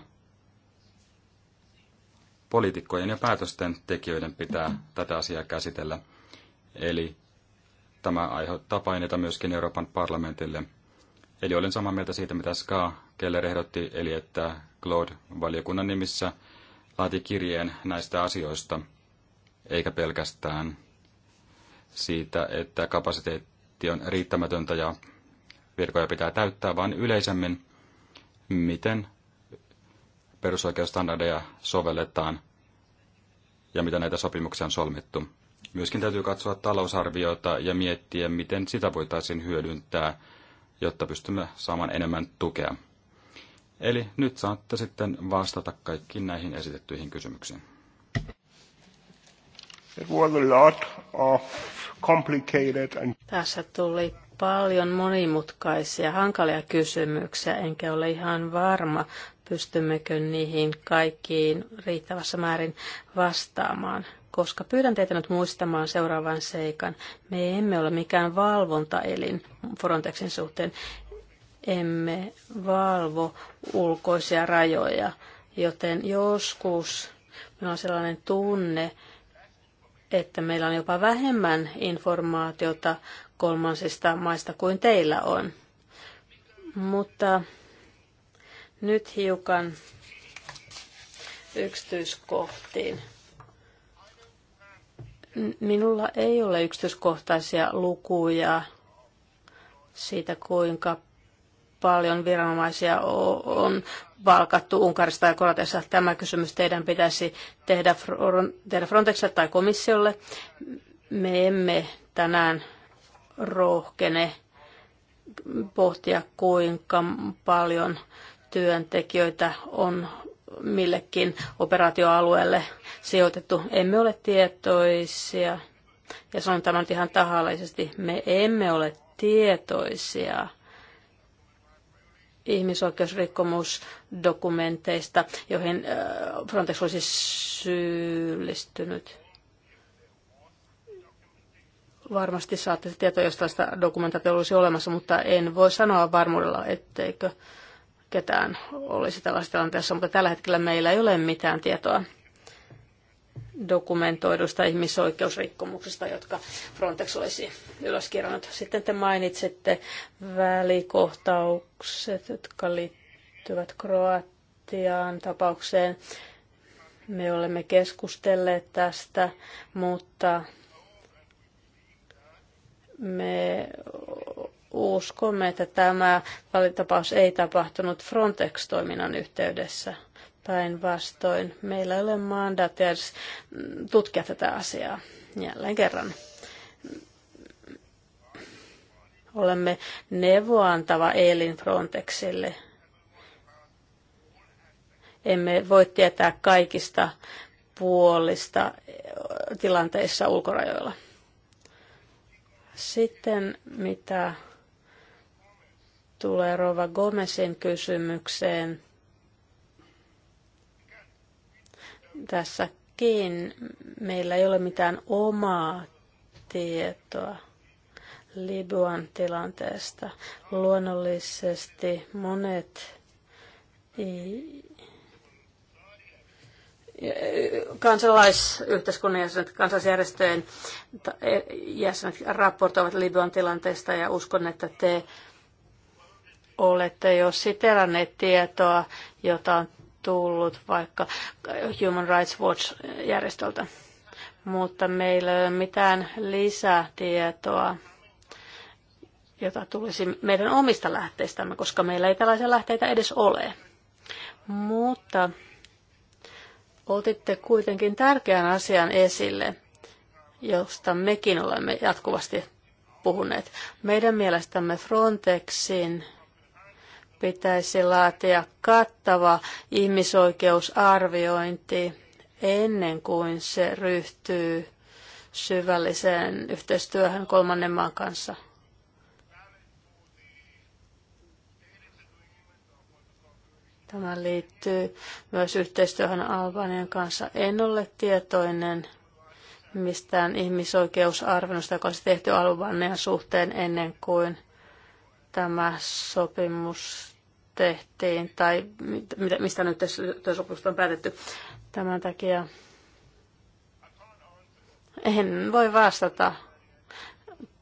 Poliitikkojen ja päätösten tekijöiden pitää tätä asiaa käsitellä. Eli tämä aiheuttaa paineita myöskin Euroopan parlamentille. Eli olen samaa mieltä siitä, mitä Ska Keller ehdotti, eli että Claude valiokunnan nimissä laati kirjeen näistä asioista, eikä pelkästään siitä, että kapasiteetti on riittämätöntä ja virkoja pitää täyttää, vaan yleisemmin, miten perusoikeusstandardeja sovelletaan ja mitä näitä sopimuksia on solmittu. Myöskin täytyy katsoa talousarviota ja miettiä, miten sitä voitaisiin hyödyntää, jotta pystymme saamaan enemmän tukea. Eli nyt saatte sitten vastata kaikkiin näihin esitettyihin kysymyksiin. It was a lot of complicated and... Tässä tuli paljon monimutkaisia, hankalia kysymyksiä, enkä ole ihan varma, pystymmekö niihin kaikkiin riittävässä määrin vastaamaan. Koska pyydän teitä nyt muistamaan seuraavan seikan. Me emme ole mikään valvontaelin Frontexin suhteen. Emme valvo ulkoisia rajoja, joten joskus meillä on sellainen tunne, että meillä on jopa vähemmän informaatiota kolmansista maista kuin teillä on. Mutta nyt hiukan yksityiskohtiin. Minulla ei ole yksityiskohtaisia lukuja siitä, kuinka paljon viranomaisia on valkattu Unkarista ja Kroatiassa. Tämä kysymys teidän pitäisi tehdä Frontexille tai komissiolle. Me emme tänään rohkene pohtia, kuinka paljon työntekijöitä on millekin operaatioalueelle sijoitettu. Emme ole tietoisia, ja sanon tämän ihan tahallisesti, me emme ole tietoisia ihmisoikeusrikkomusdokumenteista, joihin äh, Frontex olisi syyllistynyt. Varmasti saatte tietoa, jos tällaista dokumentaatiota olisi olemassa, mutta en voi sanoa varmuudella, etteikö ketään olisi tällaisessa tilanteessa, mutta tällä hetkellä meillä ei ole mitään tietoa dokumentoidusta ihmisoikeusrikkomuksista, jotka Frontex olisi ylöskirjannut. Sitten te mainitsitte välikohtaukset, jotka liittyvät Kroatiaan tapaukseen. Me olemme keskustelleet tästä, mutta me uskomme, että tämä valitapaus ei tapahtunut Frontex-toiminnan yhteydessä. Päinvastoin meillä ei ole mandaattia edes tutkia tätä asiaa jälleen kerran. Olemme neuvoantava elin Frontexille. Emme voi tietää kaikista puolista tilanteissa ulkorajoilla. Sitten mitä tulee Rova Gomesin kysymykseen, tässäkin meillä ei ole mitään omaa tietoa Libuan tilanteesta. Luonnollisesti monet kansalaisyhteiskunnan jäsenet, kansalaisjärjestöjen e- jäsenet raportoivat Libyan tilanteesta ja uskon, että te olette jo siteranneet tietoa, jota on tullut vaikka Human Rights Watch-järjestöltä. Mutta meillä ei ole mitään lisätietoa, jota tulisi meidän omista lähteistämme, koska meillä ei tällaisia lähteitä edes ole. Mutta Otitte kuitenkin tärkeän asian esille, josta mekin olemme jatkuvasti puhuneet. Meidän mielestämme Frontexin pitäisi laatia kattava ihmisoikeusarviointi ennen kuin se ryhtyy syvälliseen yhteistyöhön kolmannen maan kanssa. Tämä liittyy myös yhteistyöhön Albanian kanssa. En ole tietoinen mistään ihmisoikeusarvennusta, joka olisi tehty Albanian suhteen ennen kuin tämä sopimus tehtiin tai mistä nyt sopimusta on päätetty. Tämän takia en voi vastata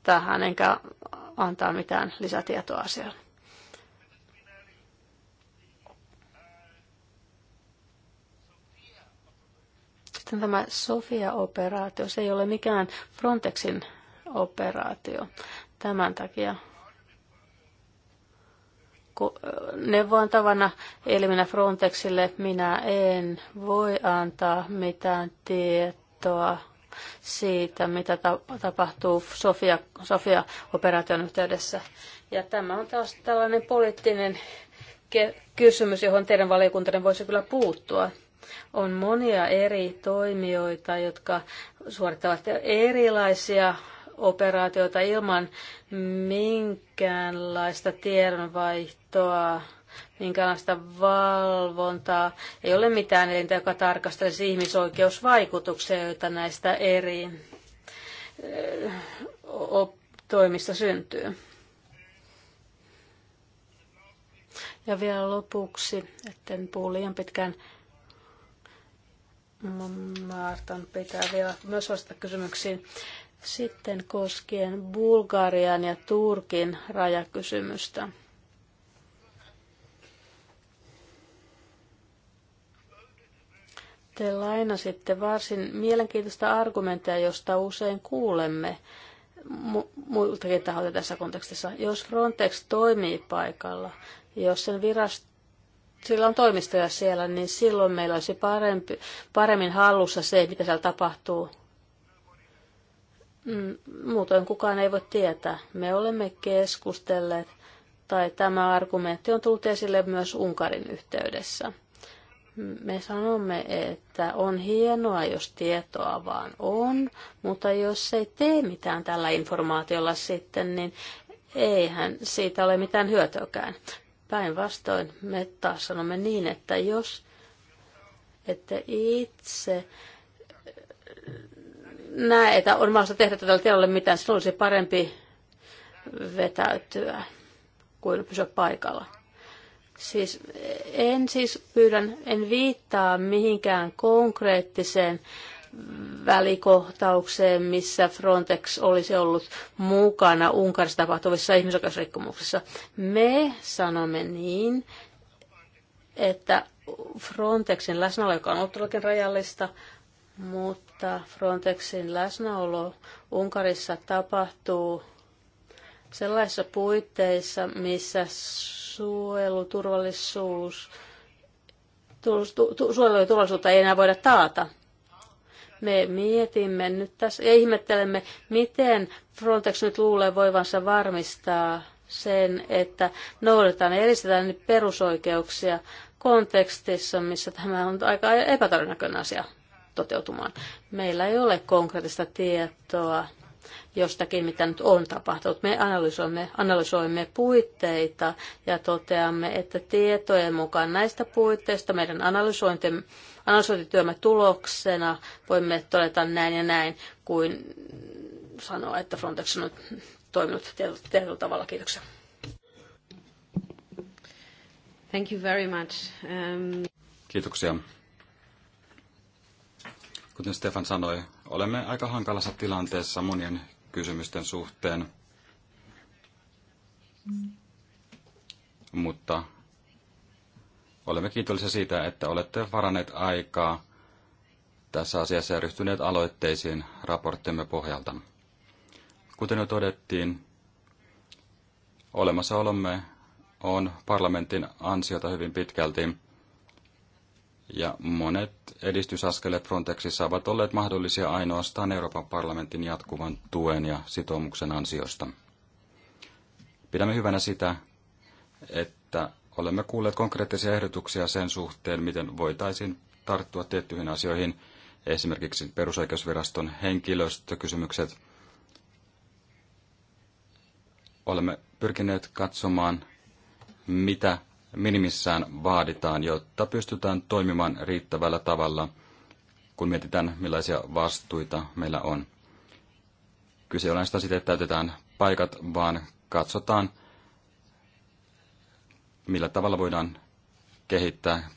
tähän enkä antaa mitään lisätietoa asiaan. Sitten tämä Sofia-operaatio, se ei ole mikään Frontexin operaatio. Tämän takia neuvontavana elminä Frontexille minä en voi antaa mitään tietoa siitä, mitä tapahtuu Sofia, Sofia-operaation yhteydessä. Ja tämä on taas tällainen poliittinen kysymys, johon teidän valiokuntanne voisi kyllä puuttua. On monia eri toimijoita, jotka suorittavat erilaisia operaatioita ilman minkäänlaista tiedonvaihtoa, minkäänlaista valvontaa. Ei ole mitään elintä, joka tarkastelisi ihmisoikeusvaikutuksia, joita näistä eri eh, toimista syntyy. Ja vielä lopuksi, etten puhu liian pitkään, Martan pitää vielä myös vastata kysymyksiin. Sitten koskien Bulgarian ja Turkin rajakysymystä. Te lainasitte varsin mielenkiintoista argumenttia, josta usein kuulemme muiltakin taholta tässä kontekstissa. Jos Frontex toimii paikalla, jos sen virast, sillä on toimistoja siellä, niin silloin meillä olisi parempi, paremmin hallussa se, mitä siellä tapahtuu. Mm, muutoin kukaan ei voi tietää. Me olemme keskustelleet, tai tämä argumentti on tullut esille myös Unkarin yhteydessä. Me sanomme, että on hienoa, jos tietoa vaan on, mutta jos ei tee mitään tällä informaatiolla sitten, niin eihän siitä ole mitään hyötyäkään. Päinvastoin me taas sanomme niin, että jos ette itse näe, että on mahdollista tehdä tällä tiedolle mitään, sinulla olisi parempi vetäytyä kuin pysyä paikalla. Siis en siis pyydän, en viittaa mihinkään konkreettiseen välikohtaukseen, missä Frontex olisi ollut mukana Unkarissa tapahtuvissa ihmisoikeusrikkomuksissa. Me sanomme niin, että Frontexin läsnäolo, joka on ollut todellakin rajallista, mutta Frontexin läsnäolo Unkarissa tapahtuu sellaisissa puitteissa, missä suojeluturvallisuus, tu, tu, suojeluturvallisuutta ei enää voida taata. Me mietimme nyt tässä ja ihmettelemme, miten Frontex nyt luulee voivansa varmistaa sen, että noudatetaan ja edistetään perusoikeuksia kontekstissa, missä tämä on aika epätodennäköinen asia toteutumaan. Meillä ei ole konkreettista tietoa jostakin, mitä nyt on tapahtunut. Me analysoimme, analysoimme puitteita ja toteamme, että tietojen mukaan näistä puitteista meidän analysointimme analysointityömme tuloksena voimme todeta näin ja näin, kuin sanoa, että Frontex on toiminut tietyllä tavalla. Kiitoksia. Thank you very much. Um... Kiitoksia. Kuten Stefan sanoi, olemme aika hankalassa tilanteessa monien kysymysten suhteen. Mutta Olemme kiitollisia siitä, että olette varanneet aikaa tässä asiassa ja ryhtyneet aloitteisiin raporttimme pohjalta. Kuten jo todettiin, olemassaolomme on parlamentin ansiota hyvin pitkälti, ja monet edistysaskeleet Frontexissa ovat olleet mahdollisia ainoastaan Euroopan parlamentin jatkuvan tuen ja sitoumuksen ansiosta. Pidämme hyvänä sitä, että Olemme kuulleet konkreettisia ehdotuksia sen suhteen, miten voitaisiin tarttua tiettyihin asioihin, esimerkiksi perusoikeusviraston henkilöstökysymykset. Olemme pyrkineet katsomaan, mitä minimissään vaaditaan, jotta pystytään toimimaan riittävällä tavalla, kun mietitään, millaisia vastuita meillä on. Kyse on sitä, että täytetään paikat, vaan katsotaan, millä tavalla voidaan kehittää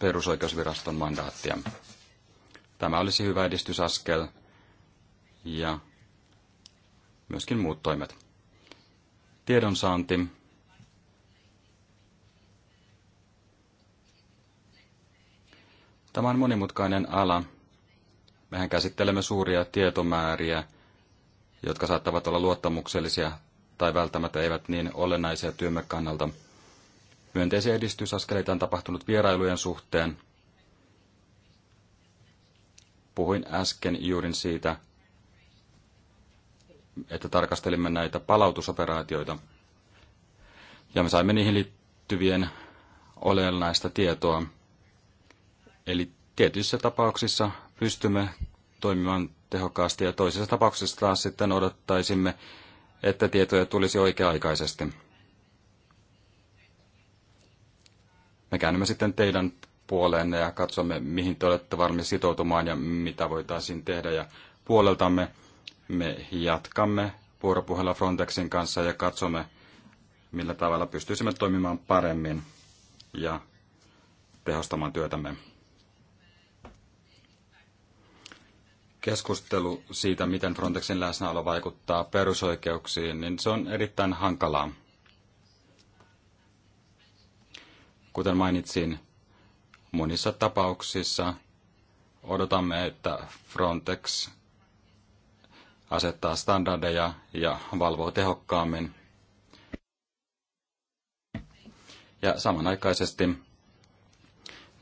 perusoikeusviraston mandaattia. Tämä olisi hyvä edistysaskel ja myöskin muut toimet. Tiedonsaanti. Tämä on monimutkainen ala. Mehän käsittelemme suuria tietomääriä, jotka saattavat olla luottamuksellisia tai välttämättä eivät niin olennaisia työmme kannalta – Myönteisiä edistysaskeleita on tapahtunut vierailujen suhteen. Puhuin äsken juuri siitä, että tarkastelimme näitä palautusoperaatioita. Ja me saimme niihin liittyvien olennaista tietoa. Eli tietyissä tapauksissa pystymme toimimaan tehokkaasti ja toisissa tapauksissa taas sitten odottaisimme, että tietoja tulisi oikea-aikaisesti. me käännymme sitten teidän puoleenne ja katsomme, mihin te olette valmis sitoutumaan ja mitä voitaisiin tehdä. Ja puoleltamme me jatkamme vuoropuhella Frontexin kanssa ja katsomme, millä tavalla pystyisimme toimimaan paremmin ja tehostamaan työtämme. Keskustelu siitä, miten Frontexin läsnäolo vaikuttaa perusoikeuksiin, niin se on erittäin hankalaa. Kuten mainitsin, monissa tapauksissa odotamme, että Frontex asettaa standardeja ja valvoo tehokkaammin. Ja samanaikaisesti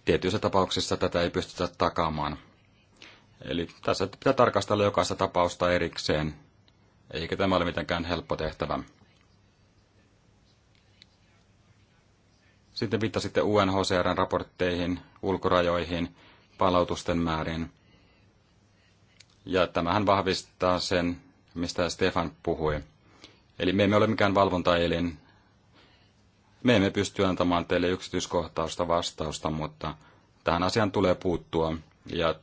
tietyissä tapauksissa tätä ei pystytä takaamaan. Eli tässä pitää tarkastella jokaista tapausta erikseen, eikä tämä ole mitenkään helppo tehtävä. Sitten viittasitte UNHCRn raportteihin, ulkorajoihin, palautusten määriin. Ja tämähän vahvistaa sen, mistä Stefan puhui. Eli me emme ole mikään valvontaelin. Me emme pysty antamaan teille yksityiskohtausta vastausta, mutta tähän asiaan tulee puuttua. Ja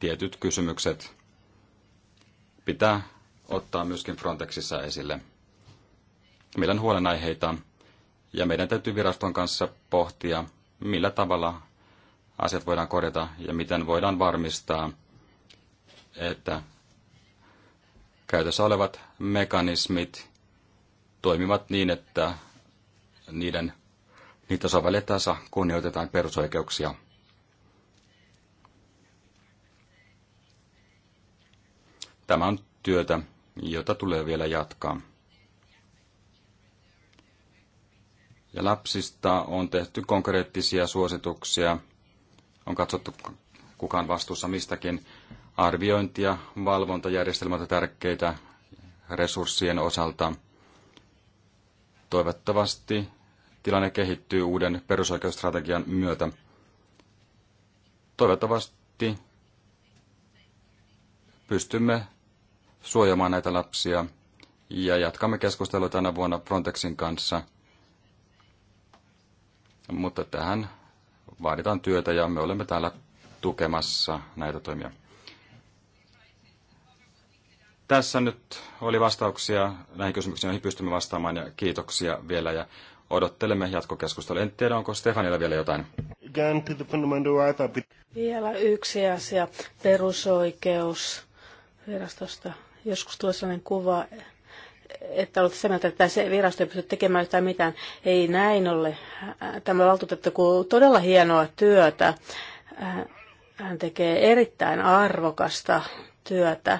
tietyt kysymykset pitää ottaa myöskin Frontexissa esille. Meillä on huolenaiheita ja meidän täytyy viraston kanssa pohtia, millä tavalla asiat voidaan korjata ja miten voidaan varmistaa, että käytössä olevat mekanismit toimivat niin, että niiden, niitä sovellettaessa kunnioitetaan perusoikeuksia. Tämä on työtä, jota tulee vielä jatkaa. Ja lapsista on tehty konkreettisia suosituksia. On katsottu kukaan vastuussa mistäkin arviointi- ja valvontajärjestelmät ovat tärkeitä resurssien osalta. Toivottavasti tilanne kehittyy uuden perusoikeusstrategian myötä. Toivottavasti pystymme suojamaan näitä lapsia ja jatkamme keskustelua tänä vuonna Frontexin kanssa – mutta tähän vaaditaan työtä ja me olemme täällä tukemassa näitä toimia. Tässä nyt oli vastauksia näihin kysymyksiin, joihin pystymme vastaamaan ja kiitoksia vielä ja odottelemme jatkokeskustelua. En tiedä, onko Stefanilla vielä jotain. Vielä yksi asia, perusoikeus virastosta. Joskus tuossa sellainen kuva, että olet sitä mieltä, että tässä virasto ei pysty tekemään yhtään mitään. Ei näin ole. Tämä valtuutettu kuuluu todella hienoa työtä. Hän tekee erittäin arvokasta työtä,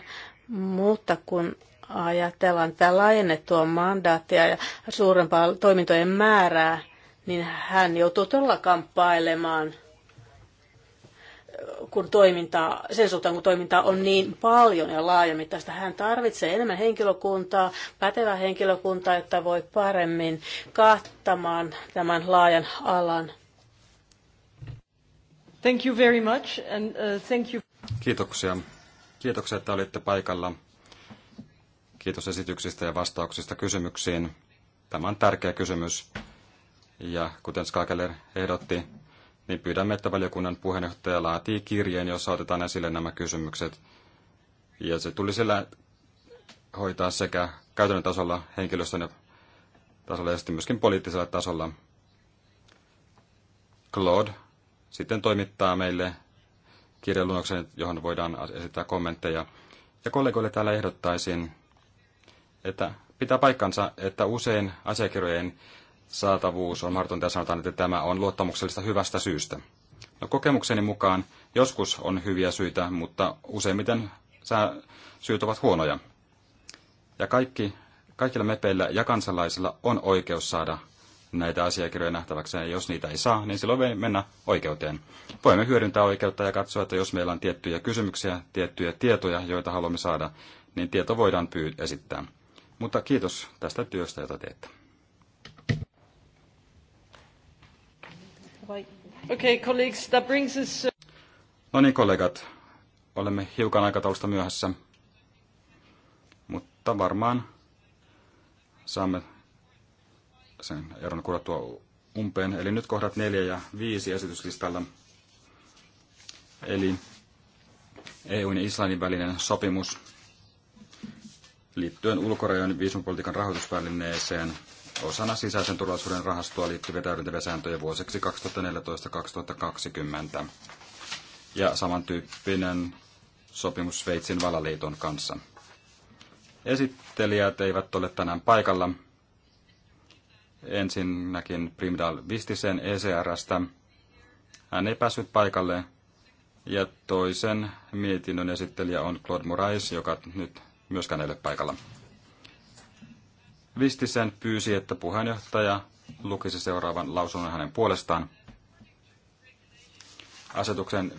mutta kun ajatellaan tätä laajennettua mandaattia ja suurempaa toimintojen määrää, niin hän joutuu todella kamppailemaan – kun toimintaa, sen suhteen, kun toimintaa on niin paljon ja laajamittaista. Hän tarvitsee enemmän henkilökuntaa, pätevää henkilökuntaa, että voi paremmin kattamaan tämän laajan alan. Thank you very much and uh, thank you. Kiitoksia. Kiitoksia, että olitte paikalla. Kiitos esityksistä ja vastauksista kysymyksiin. Tämä on tärkeä kysymys. Ja kuten Skakeler ehdotti, niin pyydämme, että valiokunnan puheenjohtaja laatii kirjeen, jossa otetaan esille nämä kysymykset. Ja se tuli sillä hoitaa sekä käytännön tasolla, henkilöstön tasolla ja sitten myöskin poliittisella tasolla. Claude sitten toimittaa meille kirjeluonnoksen, johon voidaan esittää kommentteja. Ja kollegoille täällä ehdottaisin, että pitää paikkansa, että usein asiakirjojen saatavuus on mahdotonta ja sanotaan, että tämä on luottamuksellista hyvästä syystä. No, kokemukseni mukaan joskus on hyviä syitä, mutta useimmiten syyt ovat huonoja. Ja kaikki, kaikilla mepeillä ja kansalaisilla on oikeus saada näitä asiakirjoja nähtäväkseen, ja jos niitä ei saa, niin silloin voi mennä oikeuteen. Voimme hyödyntää oikeutta ja katsoa, että jos meillä on tiettyjä kysymyksiä, tiettyjä tietoja, joita haluamme saada, niin tieto voidaan pyy- esittää. Mutta kiitos tästä työstä, jota teette. Okay, colleagues, that brings us... No niin, kollegat. Olemme hiukan aikataulusta myöhässä, mutta varmaan saamme sen eron kurattua umpeen. Eli nyt kohdat 4 ja 5 esityslistalla. Eli EUn ja Islannin välinen sopimus liittyen ulkorajojen viisumipolitiikan rahoitusvälineeseen – osana sisäisen turvallisuuden rahastoa liittyviä täydentäviä sääntöjä vuosiksi 2014-2020. Ja samantyyppinen sopimus Sveitsin valaliiton kanssa. Esittelijät eivät ole tänään paikalla. Ensinnäkin Primdal Vistisen ECRstä. Hän ei päässyt paikalle. Ja toisen mietinnön esittelijä on Claude Morais, joka nyt myöskään ei ole paikalla. Vistisen pyysi, että puheenjohtaja lukisi seuraavan lausunnon hänen puolestaan. Asetuksen 515-2014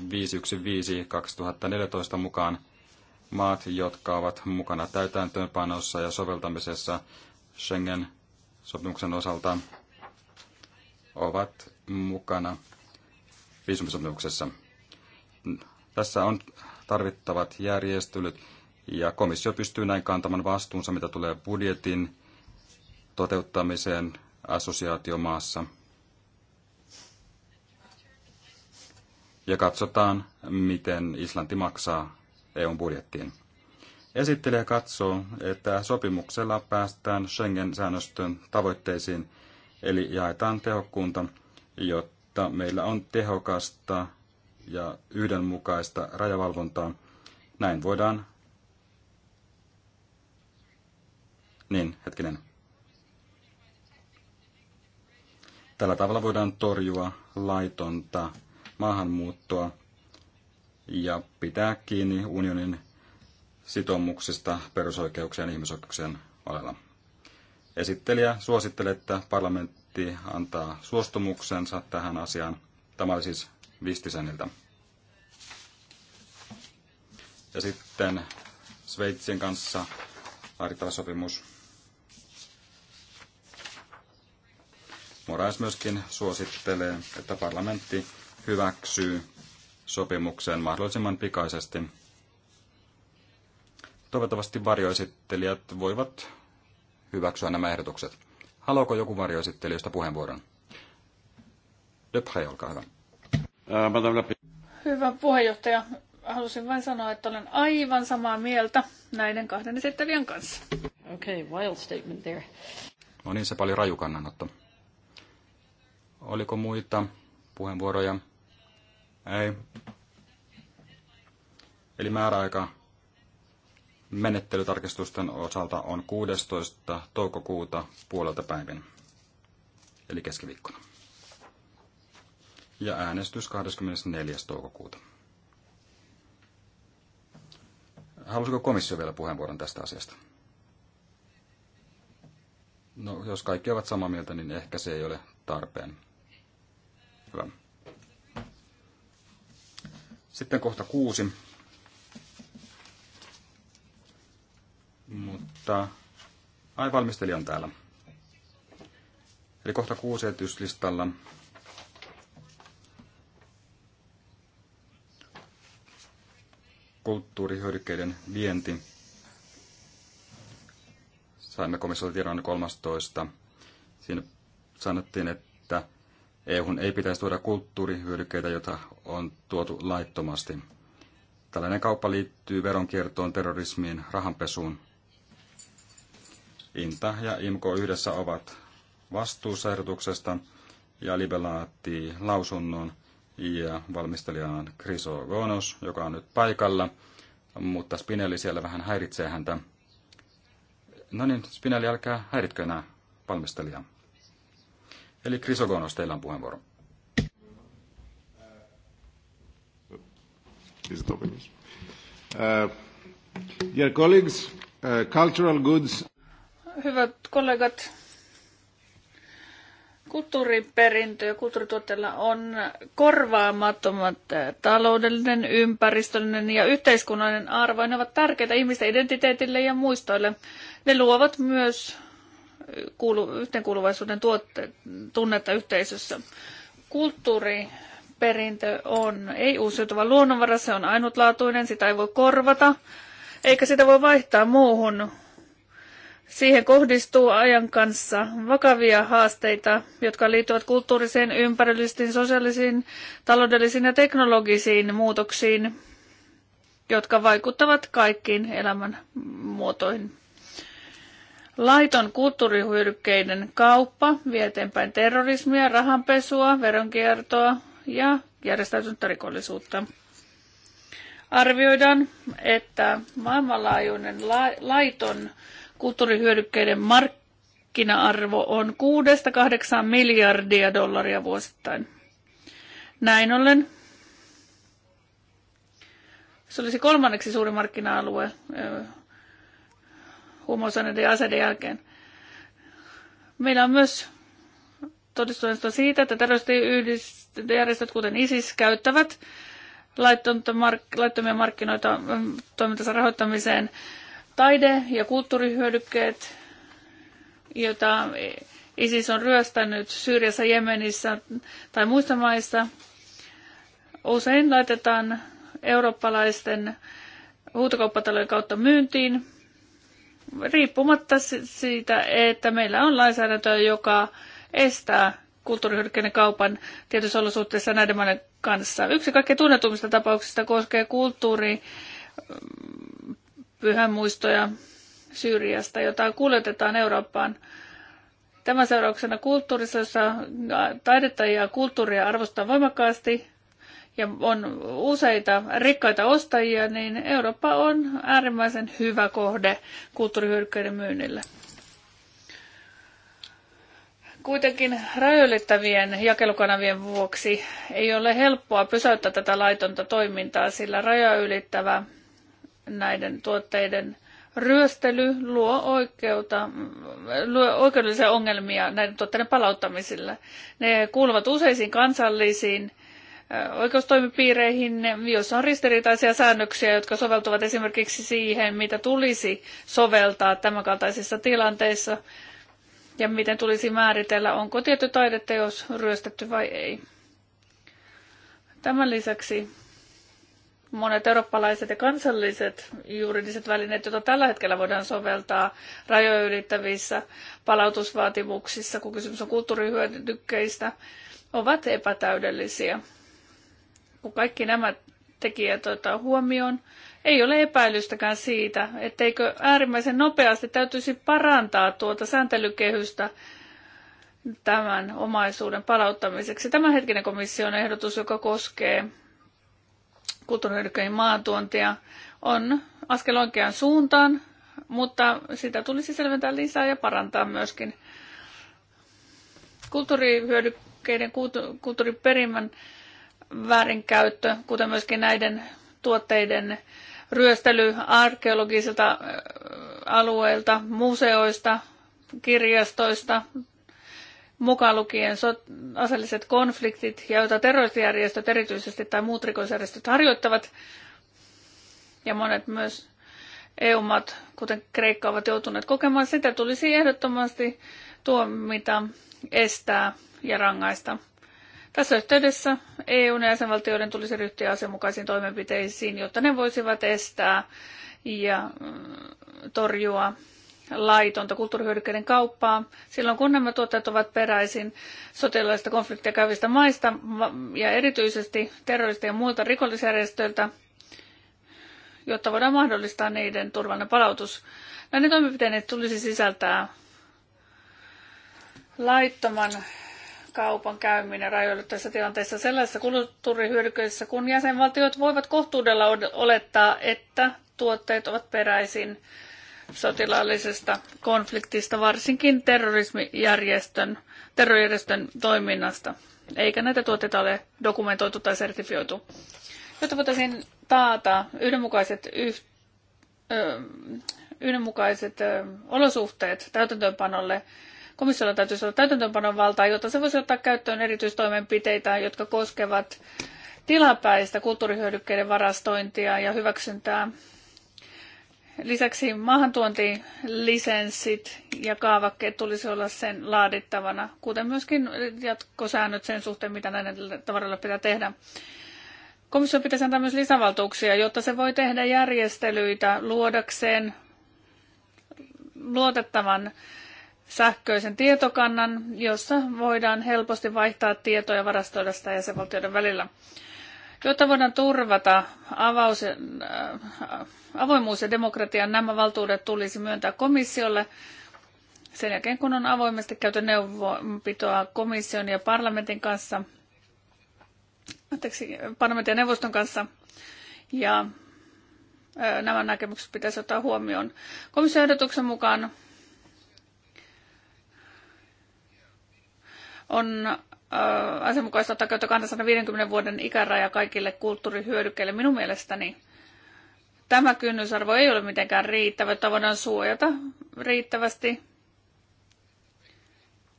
mukaan maat, jotka ovat mukana täytäntöönpanossa ja soveltamisessa Schengen-sopimuksen osalta, ovat mukana viisumisopimuksessa. Tässä on tarvittavat järjestelyt ja komissio pystyy näin kantamaan vastuunsa, mitä tulee budjetin toteuttamiseen assosiaatiomaassa. Ja katsotaan, miten Islanti maksaa EUn budjettiin. Esittelijä katsoo, että sopimuksella päästään Schengen-säännöstön tavoitteisiin, eli jaetaan tehokkuunta, jotta meillä on tehokasta ja yhdenmukaista rajavalvontaa. Näin voidaan... Niin, hetkinen. Tällä tavalla voidaan torjua laitonta maahanmuuttoa ja pitää kiinni unionin sitoumuksista perusoikeuksien ja ihmisoikeuksien alalla. Esittelijä suosittelee, että parlamentti antaa suostumuksensa tähän asiaan. Tämä oli siis Vistiseniltä. Ja sitten Sveitsin kanssa laadittava sopimus Morais myöskin suosittelee, että parlamentti hyväksyy sopimuksen mahdollisimman pikaisesti. Toivottavasti varjoesittelijät voivat hyväksyä nämä ehdotukset. Haluaako joku varjoesittelijöistä puheenvuoron? Döpre, olkaa hyvä. Äh, hyvä puheenjohtaja. Halusin vain sanoa, että olen aivan samaa mieltä näiden kahden esittelijän kanssa. Okay, wild statement there. No niin, se paljon raju kannanotto. Oliko muita puheenvuoroja? Ei. Eli määräaika menettelytarkistusten osalta on 16. toukokuuta puolelta päivin, eli keskiviikkona. Ja äänestys 24. toukokuuta. Halusiko komissio vielä puheenvuoron tästä asiasta? No, jos kaikki ovat samaa mieltä, niin ehkä se ei ole tarpeen. Hyvä. Sitten kohta kuusi. Mutta ai valmistelija on täällä. Eli kohta kuusi etyslistalla. Kulttuurihyödykkeiden vienti. Saimme komissiolta tiedon 13. Siinä sanottiin, että EUhun ei pitäisi tuoda kulttuurihyödykkeitä, joita on tuotu laittomasti. Tällainen kauppa liittyy veronkiertoon, terrorismiin, rahanpesuun. Inta ja IMKO yhdessä ovat vastuussa ehdotuksesta ja Libe laatii lausunnon ja valmistelijana Kriso Gonos, joka on nyt paikalla, mutta Spinelli siellä vähän häiritsee häntä. No niin, Spinelli, älkää häiritkö enää valmistelijaa. Eli Krisogonos, teillä on puheenvuoro. Uh, uh, dear colleagues, uh, cultural goods. Hyvät kollegat, kulttuuriperintö ja kulttuurituotteilla on korvaamattomat äh, taloudellinen, ympäristöllinen ja yhteiskunnallinen arvo. Ne ovat tärkeitä ihmisten identiteetille ja muistoille. Ne luovat myös kuulu, yhteenkuuluvaisuuden tuotte, tunnetta yhteisössä. Kulttuuriperintö on ei-uusiutuva luonnonvara, se on ainutlaatuinen, sitä ei voi korvata, eikä sitä voi vaihtaa muuhun. Siihen kohdistuu ajan kanssa vakavia haasteita, jotka liittyvät kulttuuriseen, ympäristöllisiin, sosiaalisiin, taloudellisiin ja teknologisiin muutoksiin, jotka vaikuttavat kaikkiin elämän muotoihin. Laiton kulttuurihyödykkeiden kauppa vie eteenpäin terrorismia, rahanpesua, veronkiertoa ja järjestäytynyttä rikollisuutta. Arvioidaan, että maailmanlaajuinen la- laiton kulttuurihyödykkeiden markkina-arvo on 6-8 miljardia dollaria vuosittain. Näin ollen se olisi kolmanneksi suuri markkina-alue huumausaineiden ja aseiden jälkeen. Meillä on myös todistusta siitä, että terroristijärjestöt, kuten ISIS, käyttävät laittomia markkinoita mm, toimintansa rahoittamiseen taide- ja kulttuurihyödykkeet, joita ISIS on ryöstänyt Syyriassa, Jemenissä tai muista maista. Usein laitetaan eurooppalaisten huutokauppatalojen kautta myyntiin riippumatta siitä, että meillä on lainsäädäntöä, joka estää kulttuurihyödykkeiden kaupan tietyissä olosuhteissa näiden maiden kanssa. Yksi kaikkein tunnetumista tapauksista koskee kulttuuri mm, pyhämuistoja Syyriasta, jota kuljetetaan Eurooppaan. Tämän seurauksena kulttuurissa, jossa taidetta ja kulttuuria arvostetaan voimakkaasti, ja on useita rikkaita ostajia, niin Eurooppa on äärimmäisen hyvä kohde kulttuurihyödykkeiden myynnille. Kuitenkin rajoitettavien jakelukanavien vuoksi ei ole helppoa pysäyttää tätä laitonta toimintaa, sillä raja ylittävä näiden tuotteiden ryöstely luo, oikeuta, luo oikeudellisia ongelmia näiden tuotteiden palauttamisille. Ne kuuluvat useisiin kansallisiin oikeustoimipiireihin, joissa on ristiriitaisia säännöksiä, jotka soveltuvat esimerkiksi siihen, mitä tulisi soveltaa tämänkaltaisissa tilanteissa ja miten tulisi määritellä, onko tietty taideteos ryöstetty vai ei. Tämän lisäksi monet eurooppalaiset ja kansalliset juridiset välineet, joita tällä hetkellä voidaan soveltaa rajoja ylittävissä palautusvaatimuksissa, kun kysymys on kulttuurihyödykkeistä, ovat epätäydellisiä. Kun kaikki nämä tekijät otetaan huomioon, ei ole epäilystäkään siitä, etteikö äärimmäisen nopeasti täytyisi parantaa tuota sääntelykehystä tämän omaisuuden palauttamiseksi. Tämänhetkinen komission ehdotus, joka koskee kulttuurihyödykkeiden maantuontia, on askel oikeaan suuntaan, mutta sitä tulisi selventää lisää ja parantaa myöskin kulttuurihyödykkeiden kulttuuriperimän väärinkäyttö, kuten myöskin näiden tuotteiden ryöstely arkeologisilta alueilta, museoista, kirjastoista, mukaan lukien sot- aseelliset konfliktit, joita terroristijärjestöt erityisesti tai muut rikosjärjestöt harjoittavat, ja monet myös EU-maat, kuten Kreikka, ovat joutuneet kokemaan, sitä tulisi ehdottomasti tuomita, estää ja rangaista. Tässä yhteydessä EUn ja jäsenvaltioiden tulisi ryhtyä asianmukaisiin toimenpiteisiin, jotta ne voisivat estää ja mm, torjua laitonta kulttuurihyödykkeiden kauppaa. Silloin kun nämä tuotteet ovat peräisin sotilaista konflikteja käyvistä maista ja erityisesti terrorista ja muilta rikollisjärjestöiltä, jotta voidaan mahdollistaa niiden turvallinen palautus. Näiden toimenpiteiden tulisi sisältää laittoman kaupan käyminen rajoille tässä tilanteessa sellaisissa kulttuurihyödykkeissä, kun jäsenvaltiot voivat kohtuudella olettaa, että tuotteet ovat peräisin sotilaallisesta konfliktista, varsinkin terrorismijärjestön, terrorijärjestön toiminnasta, eikä näitä tuotteita ole dokumentoitu tai sertifioitu. Jotta voitaisiin taata yhdenmukaiset, yh, ö, yhdenmukaiset ö, olosuhteet täytäntöönpanolle, Komissiolla täytyisi olla täytäntöönpanon valtaa, jotta se voisi ottaa käyttöön erityistoimenpiteitä, jotka koskevat tilapäistä kulttuurihyödykkeiden varastointia ja hyväksyntää. Lisäksi maahantuontilisenssit ja kaavakkeet tulisi olla sen laadittavana, kuten myöskin jatkosäännöt sen suhteen, mitä näille tavaroille pitää tehdä. Komissio pitäisi antaa myös lisävaltuuksia, jotta se voi tehdä järjestelyitä luodakseen luotettavan sähköisen tietokannan, jossa voidaan helposti vaihtaa tietoja varastoida sitä jäsenvaltioiden välillä. Jotta voidaan turvata avaus, äh, avoimuus ja demokratia, nämä valtuudet tulisi myöntää komissiolle sen jälkeen, kun on avoimesti käyty neuvonpitoa komission ja parlamentin kanssa, anteeksi, parlamentin ja neuvoston kanssa, ja äh, nämä näkemykset pitäisi ottaa huomioon. Komission ehdotuksen mukaan on äh, asianmukaista ottaa käyttö 250 vuoden ikäraja kaikille kulttuurihyödykkeille. Minun mielestäni tämä kynnysarvo ei ole mitenkään riittävä, että voidaan suojata riittävästi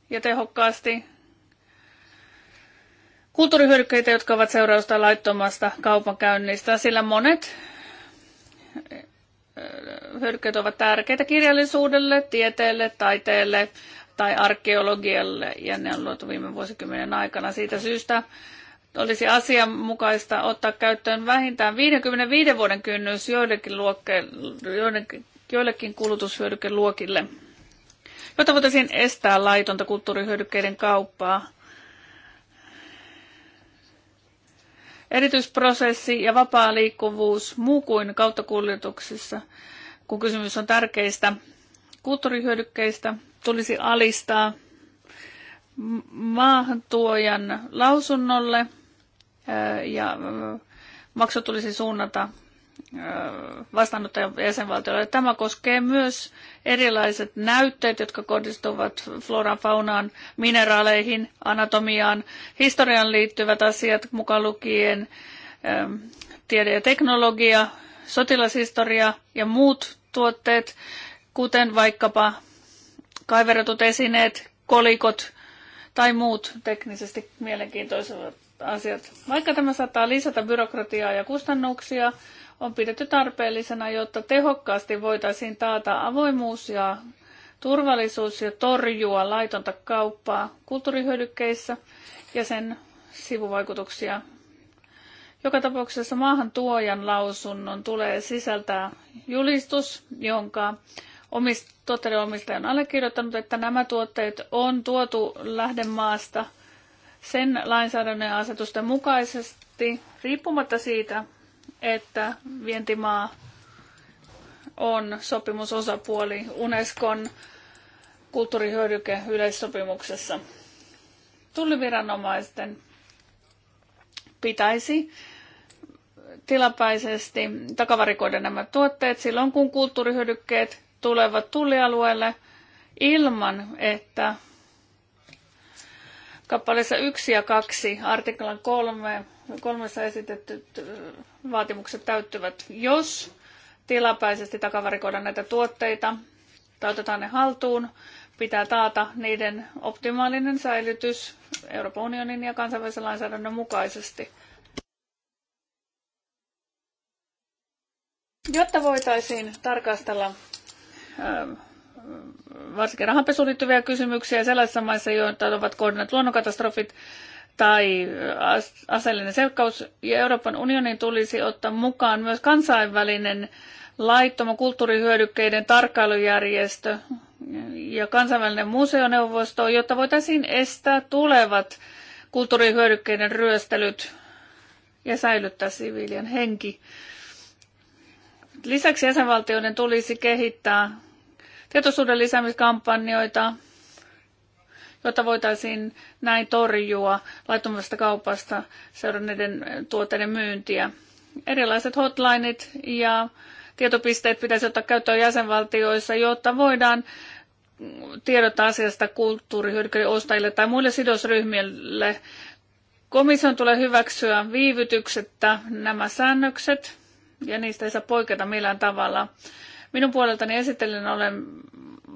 ja tehokkaasti kulttuurihyödykkeitä, jotka ovat seurausta laittomasta kaupankäynnistä, sillä monet äh, äh, hyödykkeet ovat tärkeitä kirjallisuudelle, tieteelle, taiteelle, tai arkeologialle ja ne on luotu viime vuosikymmenen aikana. Siitä syystä olisi asianmukaista ottaa käyttöön vähintään 55 vuoden kynnys joillekin, luokke, joillekin, joillekin kulutushyödykeluokille, jotta voitaisiin estää laitonta kulttuurihyödykkeiden kauppaa. Erityisprosessi ja vapaa liikkuvuus muu kuin kauttakuljetuksissa, kun kysymys on tärkeistä kulttuurihyödykkeistä tulisi alistaa maahantuojan lausunnolle ja maksu tulisi suunnata vastaanottajan jäsenvaltioille. Tämä koskee myös erilaiset näytteet, jotka kohdistuvat floran, faunaan, mineraaleihin, anatomiaan, historiaan liittyvät asiat mukaan lukien tiede ja teknologia, sotilashistoria ja muut tuotteet, kuten vaikkapa kaiverretut esineet, kolikot tai muut teknisesti mielenkiintoiset asiat. Vaikka tämä saattaa lisätä byrokratiaa ja kustannuksia, on pidetty tarpeellisena, jotta tehokkaasti voitaisiin taata avoimuus ja turvallisuus ja torjua laitonta kauppaa kulttuurihyödykkeissä ja sen sivuvaikutuksia. Joka tapauksessa maahan tuojan lausunnon tulee sisältää julistus, jonka omist, tuotteiden omistaja on allekirjoittanut, että nämä tuotteet on tuotu lähdemaasta sen lainsäädännön ja asetusten mukaisesti, riippumatta siitä, että vientimaa on sopimusosapuoli Unescon kulttuurihyödyke yleissopimuksessa. Tulliviranomaisten pitäisi tilapäisesti takavarikoida nämä tuotteet silloin, kun kulttuurihyödykkeet tulevat tulialueelle ilman, että kappaleessa 1 ja 2 artiklan 3, kolmessa esitetyt vaatimukset täyttyvät, jos tilapäisesti takavarikoidaan näitä tuotteita tai otetaan ne haltuun, pitää taata niiden optimaalinen säilytys Euroopan unionin ja kansainvälisen lainsäädännön mukaisesti. Jotta voitaisiin tarkastella Ähm, varsinkin rahanpesuun liittyviä kysymyksiä sellaisissa maissa, joita ovat kohdanneet luonnonkatastrofit tai äh, aseellinen selkkaus. Ja Euroopan unionin tulisi ottaa mukaan myös kansainvälinen laittoma kulttuurihyödykkeiden tarkkailujärjestö ja kansainvälinen museoneuvosto, jotta voitaisiin estää tulevat kulttuurihyödykkeiden ryöstelyt ja säilyttää siviilien henki. Lisäksi jäsenvaltioiden tulisi kehittää tietoisuuden lisäämiskampanjoita, jotta voitaisiin näin torjua laittomasta kaupasta seuranneiden tuotteiden myyntiä. Erilaiset hotlineit ja tietopisteet pitäisi ottaa käyttöön jäsenvaltioissa, jotta voidaan tiedottaa asiasta kulttuurihyödykkeiden ostajille tai muille sidosryhmille. Komission tulee hyväksyä viivytyksettä nämä säännökset ja niistä ei saa poiketa millään tavalla. Minun puoleltani esitellen olen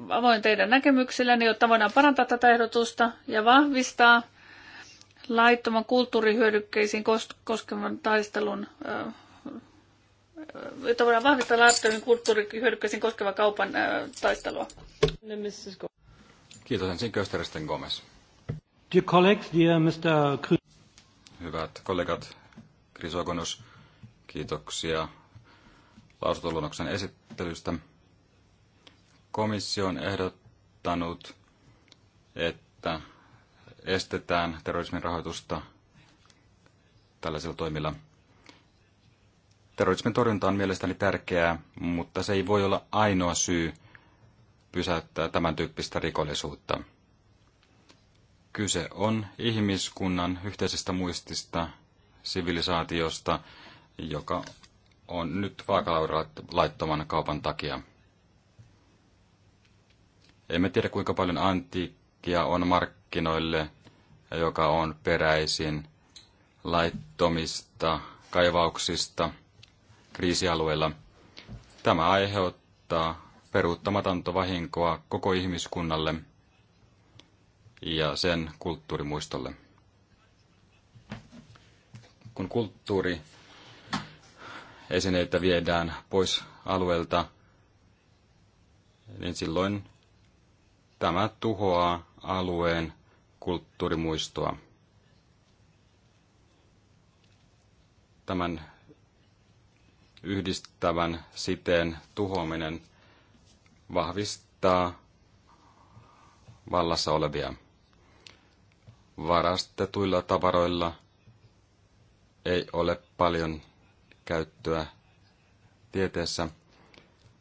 avoin teidän näkemyksilläni, jotta voidaan parantaa tätä ehdotusta ja vahvistaa laittoman kulttuurihyödykkeisiin koskevan taistelun jotta voidaan vahvistaa laittoman kulttuurihyödykkeisiin koskevan kaupan taistelua. Kiitos ensin Kösteristen Gomez. Dear colleagues, dear Mr. Hyvät kollegat, Krisogonus, kiitoksia lausuntoluonnoksen esittelystä. Komissio on ehdottanut, että estetään terrorismin rahoitusta tällaisilla toimilla. Terrorismin torjunta on mielestäni tärkeää, mutta se ei voi olla ainoa syy pysäyttää tämän tyyppistä rikollisuutta. Kyse on ihmiskunnan yhteisestä muistista, sivilisaatiosta, joka on nyt vaakalaudalla laittoman kaupan takia. Emme tiedä, kuinka paljon antiikkia on markkinoille, joka on peräisin laittomista kaivauksista kriisialueilla. Tämä aiheuttaa peruuttamatonta vahinkoa koko ihmiskunnalle ja sen kulttuurimuistolle. Kun kulttuuri esineitä viedään pois alueelta, niin silloin tämä tuhoaa alueen kulttuurimuistoa. Tämän yhdistävän siteen tuhoaminen vahvistaa vallassa olevia. Varastetuilla tavaroilla ei ole paljon käyttöä tieteessä.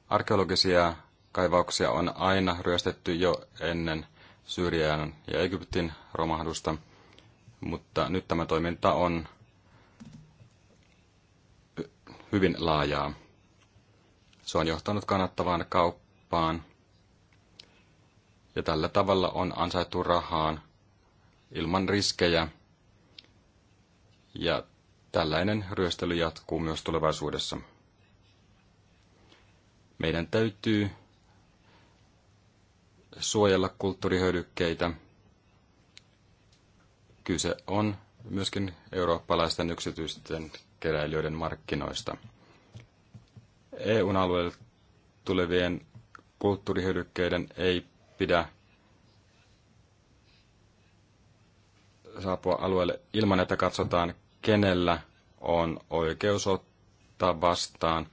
Arkeologisia kaivauksia on aina ryöstetty jo ennen Syyrian ja Egyptin romahdusta, mutta nyt tämä toiminta on hyvin laajaa. Se on johtanut kannattavaan kauppaan ja tällä tavalla on ansaittu rahaan ilman riskejä ja Tällainen ryöstely jatkuu myös tulevaisuudessa. Meidän täytyy suojella kulttuurihöydykkeitä. Kyse on myöskin eurooppalaisten yksityisten keräilijöiden markkinoista. EUn alueelle tulevien kulttuurihyödykkeiden ei pidä saapua alueelle ilman, että katsotaan, kenellä on oikeus ottaa vastaan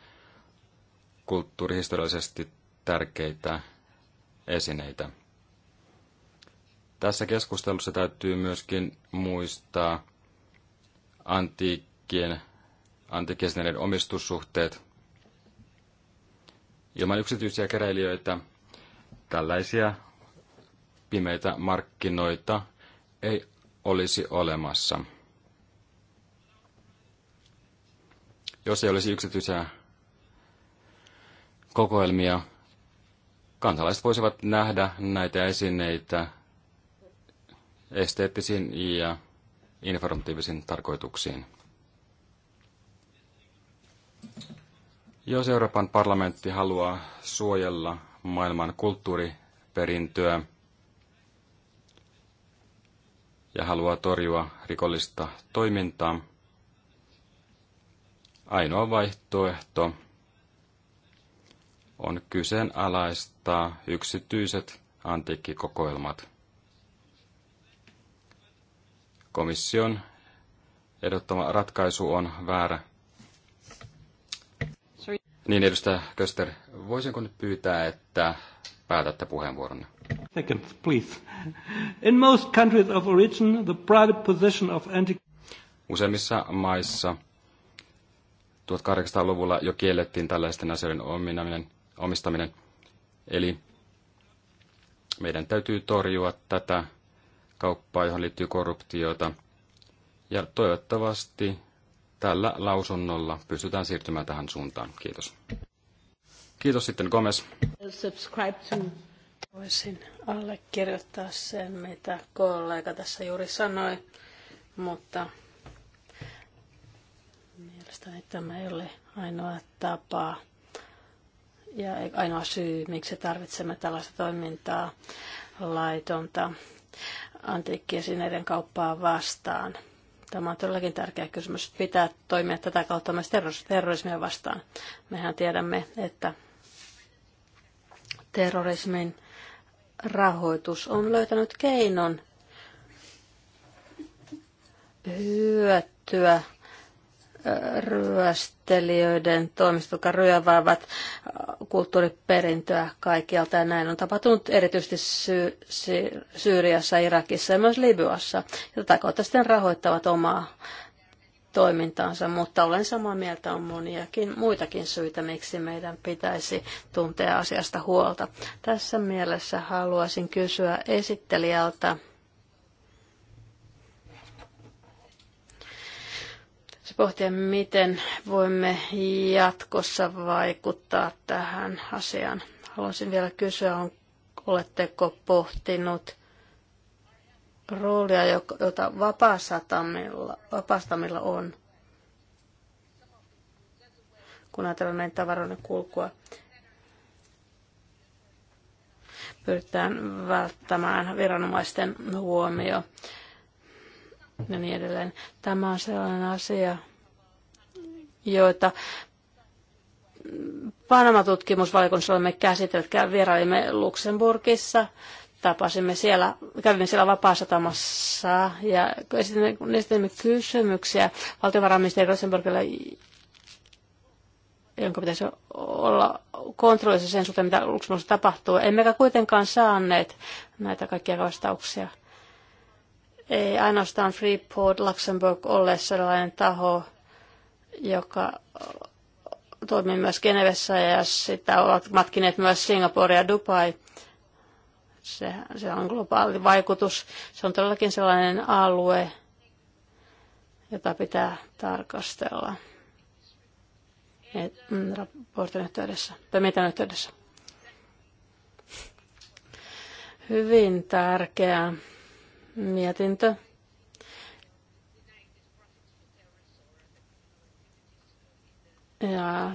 kulttuurihistoriallisesti tärkeitä esineitä. Tässä keskustelussa täytyy myöskin muistaa antiikkien, antiikkien omistussuhteet. Ilman yksityisiä keräilijöitä tällaisia pimeitä markkinoita ei olisi olemassa. Jos ei olisi yksityisiä kokoelmia, kansalaiset voisivat nähdä näitä esineitä esteettisiin ja informatiivisiin tarkoituksiin. Jos Euroopan parlamentti haluaa suojella maailman kulttuuriperintöä ja haluaa torjua rikollista toimintaa, ainoa vaihtoehto on kyseenalaistaa yksityiset antiikkikokoelmat. Komission ehdottama ratkaisu on väärä. Sorry. Niin, edustaja Köster, voisinko nyt pyytää, että päätätte puheenvuoronne? Second, please. In most countries of origin, the private possession of antiques... Useimmissa maissa 1800-luvulla jo kiellettiin tällaisten asioiden omistaminen. Eli meidän täytyy torjua tätä kauppaa, johon liittyy korruptiota. Ja toivottavasti tällä lausunnolla pystytään siirtymään tähän suuntaan. Kiitos. Kiitos sitten Gomez. Voisin allekirjoittaa sen, mitä kollega tässä juuri sanoi, mutta Mielestäni tämä ei ole ainoa tapa ja ainoa syy, miksi tarvitsemme tällaista toimintaa laitonta antiikkiesineiden kauppaa vastaan. Tämä on todellakin tärkeä kysymys. Pitää toimia tätä kautta myös terrorismia vastaan. Mehän tiedämme, että terrorismin rahoitus on löytänyt keinon hyötyä ryöstelijöiden toimistot, jotka ryöväävät kulttuuriperintöä kaikkialta. Ja näin on tapahtunut erityisesti Sy- Sy- Syyriassa, Irakissa ja myös Libyassa. Ja tätä kautta sitten rahoittavat omaa toimintaansa, mutta olen samaa mieltä, on moniakin muitakin syitä, miksi meidän pitäisi tuntea asiasta huolta. Tässä mielessä haluaisin kysyä esittelijältä pohtia, miten voimme jatkossa vaikuttaa tähän asiaan. Haluaisin vielä kysyä, on, oletteko pohtinut roolia, jota vapaasatamilla, vapaastamilla on, kun ajatellaan näin tavaroiden kulkua. Pyritään välttämään viranomaisten huomio ja niin edelleen. Tämä on sellainen asia, joita Panama-tutkimusvaliokunnassa olemme käsitelleet. Vierailimme Luxemburgissa, tapasimme siellä, kävimme siellä vapaasatamassa ja esitimme, kysymyksiä valtiovarainministeri Rosenborgille, jonka pitäisi olla kontrollissa sen suhteen, mitä Luxemburgissa tapahtuu. Emmekä kuitenkaan saaneet näitä kaikkia vastauksia. Ei ainoastaan Freeport Luxemburg ole sellainen taho, joka toimii myös Genevessä ja sitä ovat matkineet myös Singapore ja Dubai. Se, se on globaali vaikutus. Se on todellakin sellainen alue, jota pitää tarkastella mm, raportin yhteydessä, tai mitä yhteydessä. Hyvin tärkeä mietintö. Ja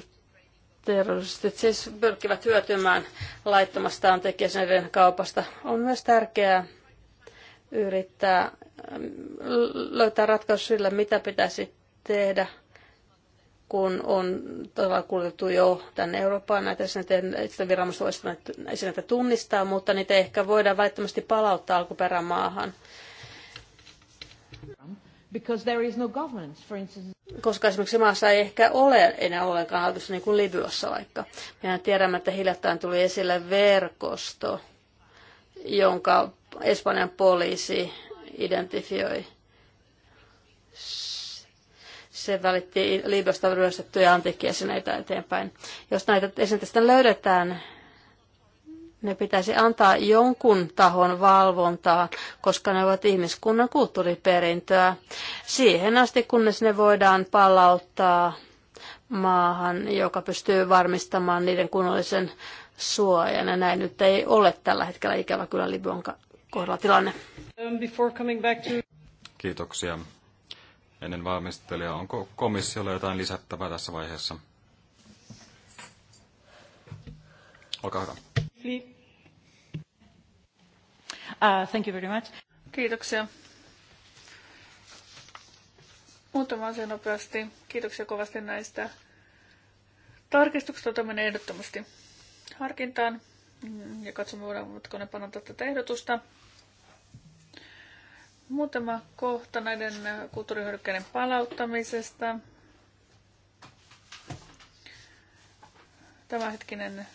terroristit siis pyrkivät hyötymään laittomastaan tekijäseiden kaupasta. On myös tärkeää yrittää mm, löytää ratkaisu sille, mitä pitäisi tehdä, kun on kuljettu jo tänne Eurooppaan. Näitä esineitä viranomaiset näitä tunnistaa, mutta niitä ei ehkä voida välittömästi palauttaa alkuperämaahan. maahan because there is no governance, for instance. Koska esimerkiksi maassa ei ehkä ole enää ollenkaan hallitusta, niin kuin Libyassa vaikka. Mehän tiedämme, että hiljattain tuli esille verkosto, jonka Espanjan poliisi identifioi. Se välitti Libyasta ryöstettyjä antiikkiesineitä eteenpäin. Jos näitä esineitä löydetään, ne pitäisi antaa jonkun tahon valvontaa, koska ne ovat ihmiskunnan kulttuuriperintöä. Siihen asti, kunnes ne voidaan palauttaa maahan, joka pystyy varmistamaan niiden kunnollisen suojan. Ja näin nyt ei ole tällä hetkellä ikävä kyllä Libyan kohdalla tilanne. Um, Kiitoksia. Ennen valmistelijaa, onko komissiolla jotain lisättävää tässä vaiheessa? Olkaa hyvä briefly. Uh, thank you very much. Kiitoksia. Muutama asia nopeasti. Kiitoksia kovasti näistä tarkistuksista. Otamme ehdottomasti harkintaan mm, ja katsomme, voidaanko ne parantaa tätä ehdotusta. Muutama kohta näiden kulttuurihyödykkeiden palauttamisesta. Tämänhetkinen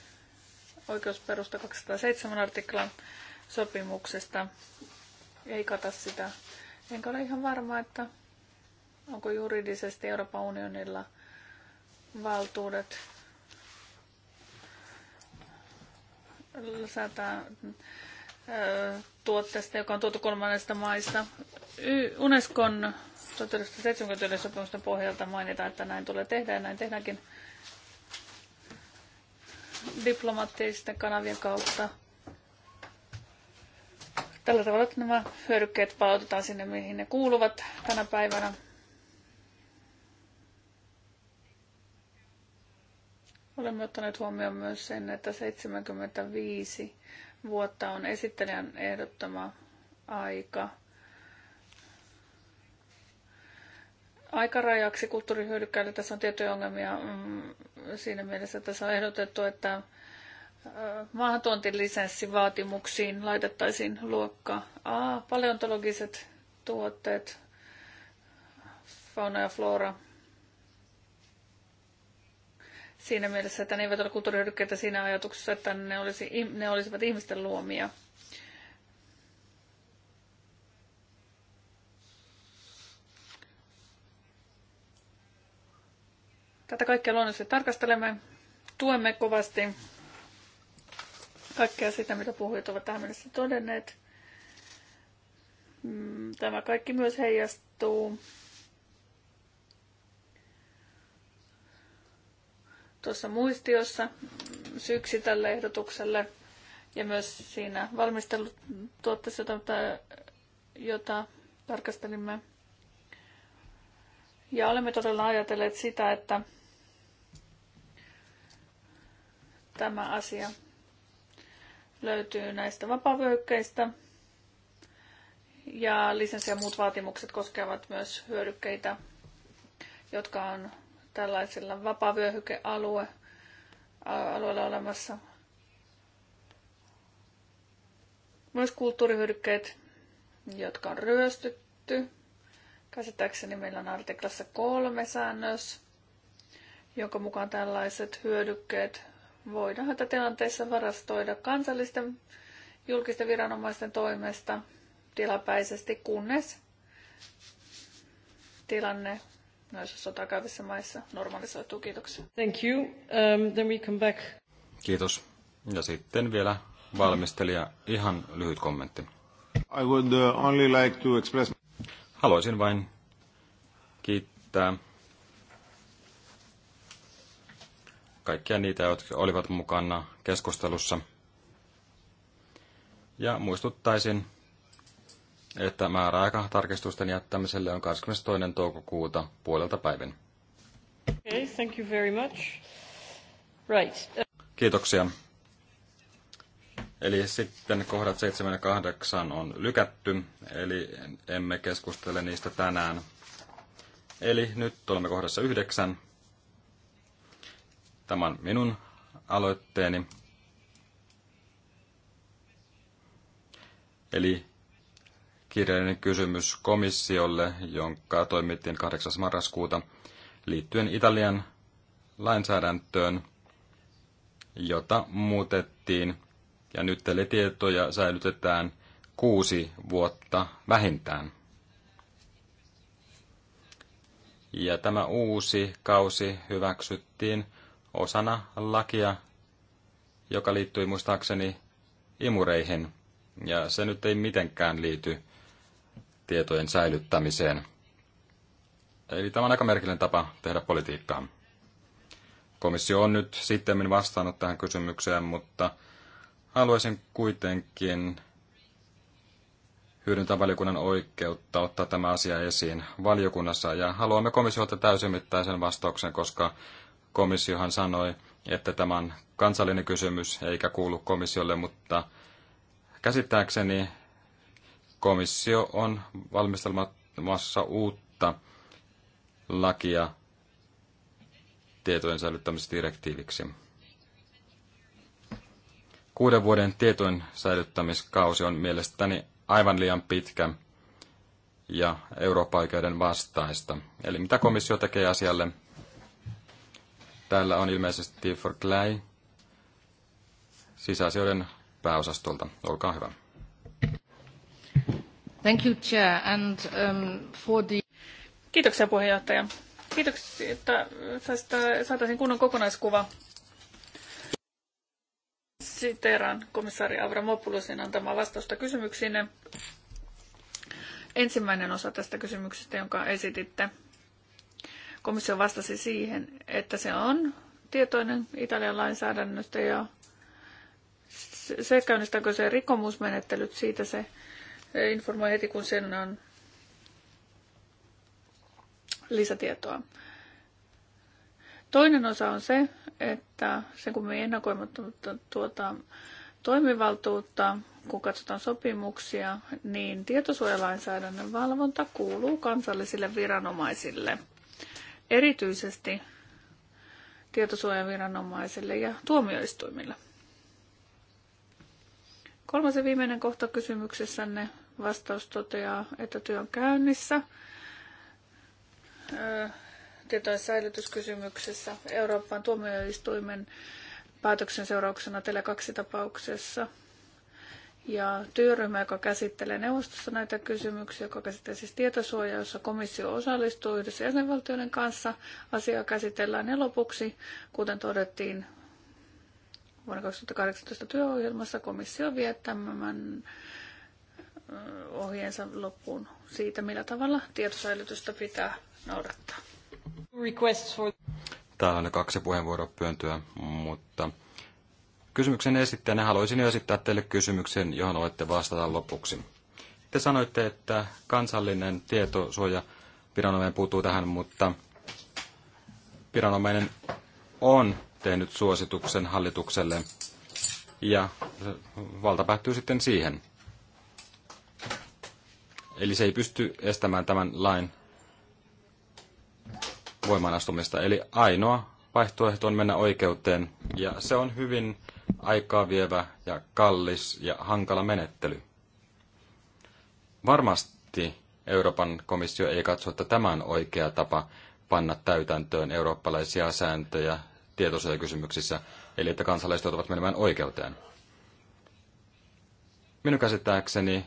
oikeusperusta 207 artiklan sopimuksesta ei kata sitä. Enkä ole ihan varma, että onko juridisesti Euroopan unionilla valtuudet säätää tuotteesta, joka on tuotu kolmannesta maista. Unescon 1970 sopimusten pohjalta mainitaan, että näin tulee tehdä ja näin tehdäänkin diplomaattisten kanavien kautta. Tällä tavalla että nämä hyödykkeet palautetaan sinne, mihin ne kuuluvat tänä päivänä. Olemme ottaneet huomioon myös sen, että 75 vuotta on esittelijän ehdottama aika – aikarajaksi kulttuurihyödykkäille. Tässä on tiettyjä ongelmia mm, siinä mielessä, että tässä on ehdotettu, että äh, maahantuontilisenssivaatimuksiin laitettaisiin luokka A, paleontologiset tuotteet, fauna ja flora. Siinä mielessä, että ne eivät ole kulttuurihyödykkeitä siinä ajatuksessa, että ne, olisi, ne olisivat ihmisten luomia – Tätä kaikkea luonnollisesti tarkastelemme. Tuemme kovasti kaikkea sitä, mitä puhujat ovat tähän mennessä todenneet. Mm, tämä kaikki myös heijastuu tuossa muistiossa syksy tälle ehdotukselle ja myös siinä valmistelutuotteessa, jota, jota tarkastelimme. Ja olemme todella ajatelleet sitä, että Tämä asia löytyy näistä vapavyöhykkeistä. Ja lisenssi ja muut vaatimukset koskevat myös hyödykkeitä, jotka on tällaisella vapavyöhykealue olemassa. Myös kulttuurihyödykkeet, jotka on ryöstytty. Käsittääkseni meillä on artiklassa kolme säännös, jonka mukaan tällaiset hyödykkeet voidaan hätätilanteessa varastoida kansallisten julkisten viranomaisten toimesta tilapäisesti, kunnes tilanne noissa sotakäyvissä maissa normalisoituu. Kiitoksia. Thank you. Um, then we come back. Kiitos. Ja sitten vielä valmistelija ihan lyhyt kommentti. I would uh, only like to express... Haluaisin vain kiittää kaikkia niitä, jotka olivat mukana keskustelussa. Ja muistuttaisin, että määräaika tarkistusten jättämiselle on 22. toukokuuta puolelta päivin. Okay, thank you very much. Right. Uh, Kiitoksia. Eli sitten kohdat 7 ja 8 on lykätty, eli emme keskustele niistä tänään. Eli nyt olemme kohdassa 9. Tämä on minun aloitteeni. Eli kirjallinen kysymys komissiolle, jonka toimittiin 8. marraskuuta liittyen Italian lainsäädäntöön, jota muutettiin ja nyt teletietoja säilytetään kuusi vuotta vähintään. Ja tämä uusi kausi hyväksyttiin osana lakia, joka liittyi muistaakseni imureihin, ja se nyt ei mitenkään liity tietojen säilyttämiseen. Eli tämä on aika merkillinen tapa tehdä politiikkaa. Komissio on nyt sitten vastannut tähän kysymykseen, mutta haluaisin kuitenkin hyödyntää valiokunnan oikeutta ottaa tämä asia esiin valiokunnassa ja haluamme komissiolta täysimittaisen vastauksen, koska komissiohan sanoi, että tämä on kansallinen kysymys eikä kuulu komissiolle, mutta käsittääkseni komissio on valmistelmassa uutta lakia tietojen säilyttämisdirektiiviksi. Kuuden vuoden tietojen säilyttämiskausi on mielestäni aivan liian pitkä ja Eurooppa-oikeuden vastaista. Eli mitä komissio tekee asialle? Täällä on ilmeisesti For Clay sisäasioiden pääosastolta. Olkaa hyvä. Thank you, Chair, and um, for the... Kiitoksia puheenjohtaja. Kiitoksia, että saataisiin kunnon kokonaiskuva. Siteeran komissaari Avramopoulosin antamaa vastausta kysymyksiin. Ensimmäinen osa tästä kysymyksestä, jonka esititte, komissio vastasi siihen, että se on tietoinen Italian lainsäädännöstä ja se käynnistääkö se rikomusmenettelyt, siitä se informoi heti, kun sen on lisätietoa. Toinen osa on se, että sen kun me ennakoimme tuota toimivaltuutta, kun katsotaan sopimuksia, niin tietosuojalainsäädännön valvonta kuuluu kansallisille viranomaisille – erityisesti tietosuojaviranomaisille ja tuomioistuimille. Kolmas ja viimeinen kohta kysymyksessänne vastaus toteaa, että työ on käynnissä. Tietojen säilytyskysymyksessä Euroopan tuomioistuimen päätöksen seurauksena Tele2-tapauksessa – ja työryhmä, joka käsittelee neuvostossa näitä kysymyksiä, joka käsittelee siis tietosuojaa, jossa komissio osallistuu yhdessä jäsenvaltioiden kanssa. Asiaa käsitellään ja lopuksi, kuten todettiin vuonna 2018 työohjelmassa, komissio vie tämän äh, ohjeensa loppuun siitä, millä tavalla tietosäilytystä pitää noudattaa. Täällä on kaksi puheenvuoropyöntöä, mutta kysymyksen esittäjänä haluaisin esittää teille kysymyksen, johon olette vastata lopuksi. Te sanoitte, että kansallinen tietosuoja viranomainen puuttuu tähän, mutta viranomainen on tehnyt suosituksen hallitukselle ja valta päättyy sitten siihen. Eli se ei pysty estämään tämän lain voimaanastumista. Eli ainoa vaihtoehto on mennä oikeuteen ja se on hyvin aikaa vievä ja kallis ja hankala menettely. Varmasti Euroopan komissio ei katso, että tämä on oikea tapa panna täytäntöön eurooppalaisia sääntöjä tietosuojakysymyksissä, eli että kansalaiset joutuvat menemään oikeuteen. Minun käsittääkseni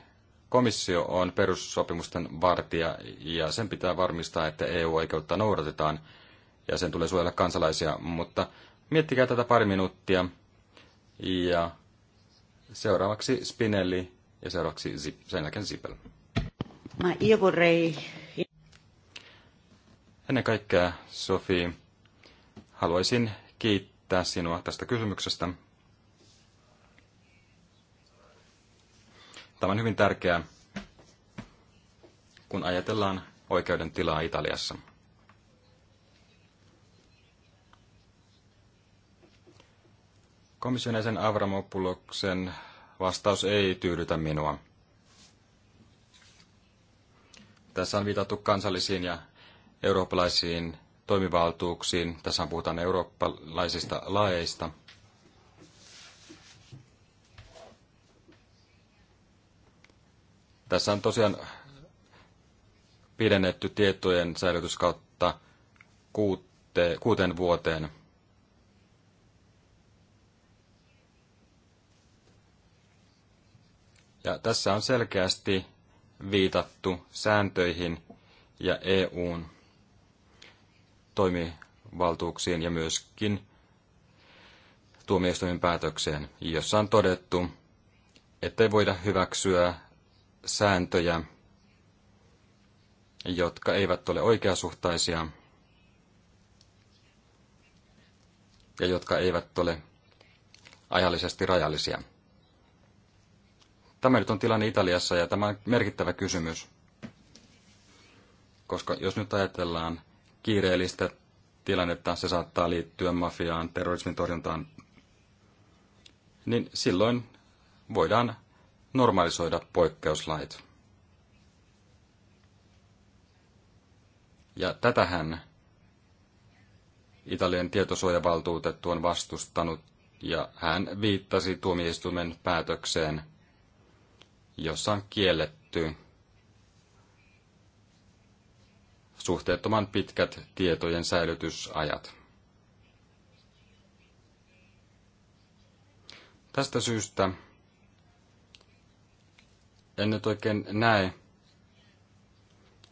komissio on perussopimusten vartija ja sen pitää varmistaa, että EU-oikeutta noudatetaan ja sen tulee suojella kansalaisia, mutta miettikää tätä pari minuuttia ja seuraavaksi Spinelli ja seuraavaksi Zip, sen jälkeen Zipel. Mä Ivorei. Ennen kaikkea, Sofi, haluaisin kiittää sinua tästä kysymyksestä. Tämä on hyvin tärkeää, kun ajatellaan oikeuden tilaa Italiassa. Komission jäsen Avramopuloksen vastaus ei tyydytä minua. Tässä on viitattu kansallisiin ja eurooppalaisiin toimivaltuuksiin. Tässä on puhutaan eurooppalaisista laeista. Tässä on tosiaan pidennetty tietojen säilytyskautta kuuteen vuoteen – Ja tässä on selkeästi viitattu sääntöihin ja EUn toimivaltuuksiin ja myöskin tuomioistuimen päätökseen, jossa on todettu, ettei voida hyväksyä sääntöjä, jotka eivät ole oikeasuhtaisia ja jotka eivät ole ajallisesti rajallisia. Tämä nyt on tilanne Italiassa ja tämä on merkittävä kysymys. Koska jos nyt ajatellaan kiireellistä tilannetta, se saattaa liittyä mafiaan, terrorismin torjuntaan, niin silloin voidaan normalisoida poikkeuslait. Ja tätähän Italian tietosuojavaltuutettu on vastustanut, ja hän viittasi tuomioistuimen päätökseen – jossa on kielletty suhteettoman pitkät tietojen säilytysajat. Tästä syystä en nyt oikein näe,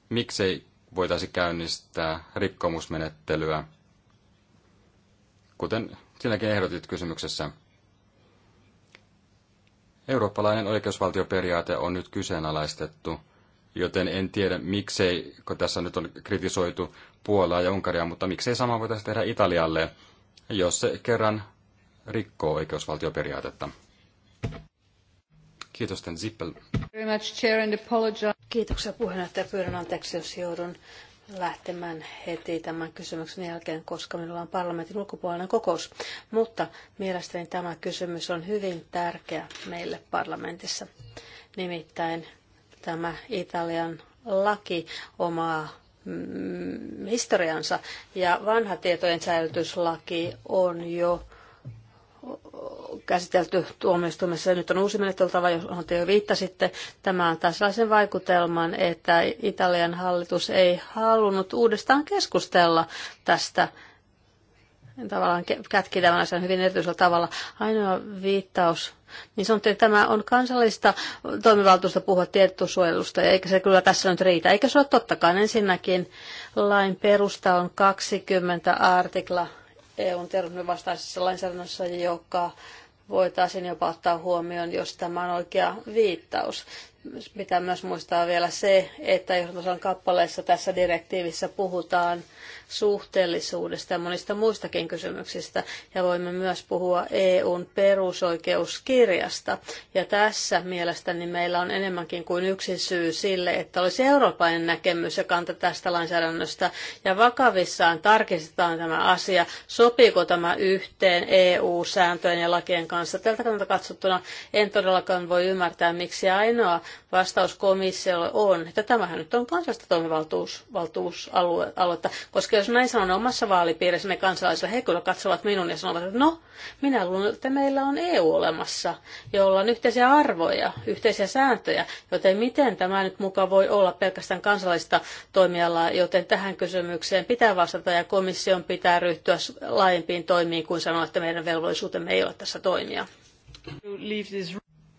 miksei voitaisi käynnistää rikkomusmenettelyä, kuten sinäkin ehdotit kysymyksessä. Eurooppalainen oikeusvaltioperiaate on nyt kyseenalaistettu, joten en tiedä miksei, kun tässä nyt on kritisoitu Puolaa ja Unkaria, mutta miksei sama voitaisiin tehdä Italialle, jos se kerran rikkoo oikeusvaltioperiaatetta. Kiitos, Ten Zippel. Kiitoksia puheenjohtaja. Pyydän anteeksi, jos joudun lähtemään heti tämän kysymyksen jälkeen, koska minulla on parlamentin ulkopuolinen kokous. Mutta mielestäni tämä kysymys on hyvin tärkeä meille parlamentissa. Nimittäin tämä Italian laki omaa mm, historiansa ja vanha tietojen säilytyslaki on jo käsitelty tuomioistuimessa. Nyt on uusi menettelytapa, johon te jo viittasitte. Tämä antaa sellaisen vaikutelman, että Italian hallitus ei halunnut uudestaan keskustella tästä tavallaan kätki tämän asian hyvin erityisellä tavalla. Ainoa viittaus, niin sanottiin, että tämä on kansallista toimivaltuusta puhua tietosuojelusta, eikä se kyllä tässä nyt riitä. Eikä se ole tottakaan. Ensinnäkin lain perusta on 20 artikla EUn terrorismin vastaisessa lainsäädännössä, joka voitaisiin jopa ottaa huomioon, jos tämä on oikea viittaus. Pitää myös muistaa vielä se, että johtosan kappaleessa tässä direktiivissä puhutaan suhteellisuudesta ja monista muistakin kysymyksistä, ja voimme myös puhua EUn perusoikeuskirjasta. Ja tässä mielestäni meillä on enemmänkin kuin yksi syy sille, että olisi eurooppalainen näkemys ja kanta tästä lainsäädännöstä, ja vakavissaan tarkistetaan tämä asia, sopiiko tämä yhteen EU-sääntöjen ja lakien kanssa. Tältä kannalta katsottuna en todellakaan voi ymmärtää, miksi ainoa Vastaus komissiolle on, että tämähän nyt on kansallista toimivaltuusaluetta, koska jos näin sanon omassa vaalipiirissäni kansalaisilla, he kyllä katsovat minun ja sanovat, että no, minä luulen, että meillä on EU olemassa, jolla on yhteisiä arvoja, yhteisiä sääntöjä, joten miten tämä nyt muka voi olla pelkästään kansallista toimialaa, joten tähän kysymykseen pitää vastata ja komission pitää ryhtyä laajempiin toimiin kuin sanoa, että meidän velvollisuutemme ei ole tässä toimia.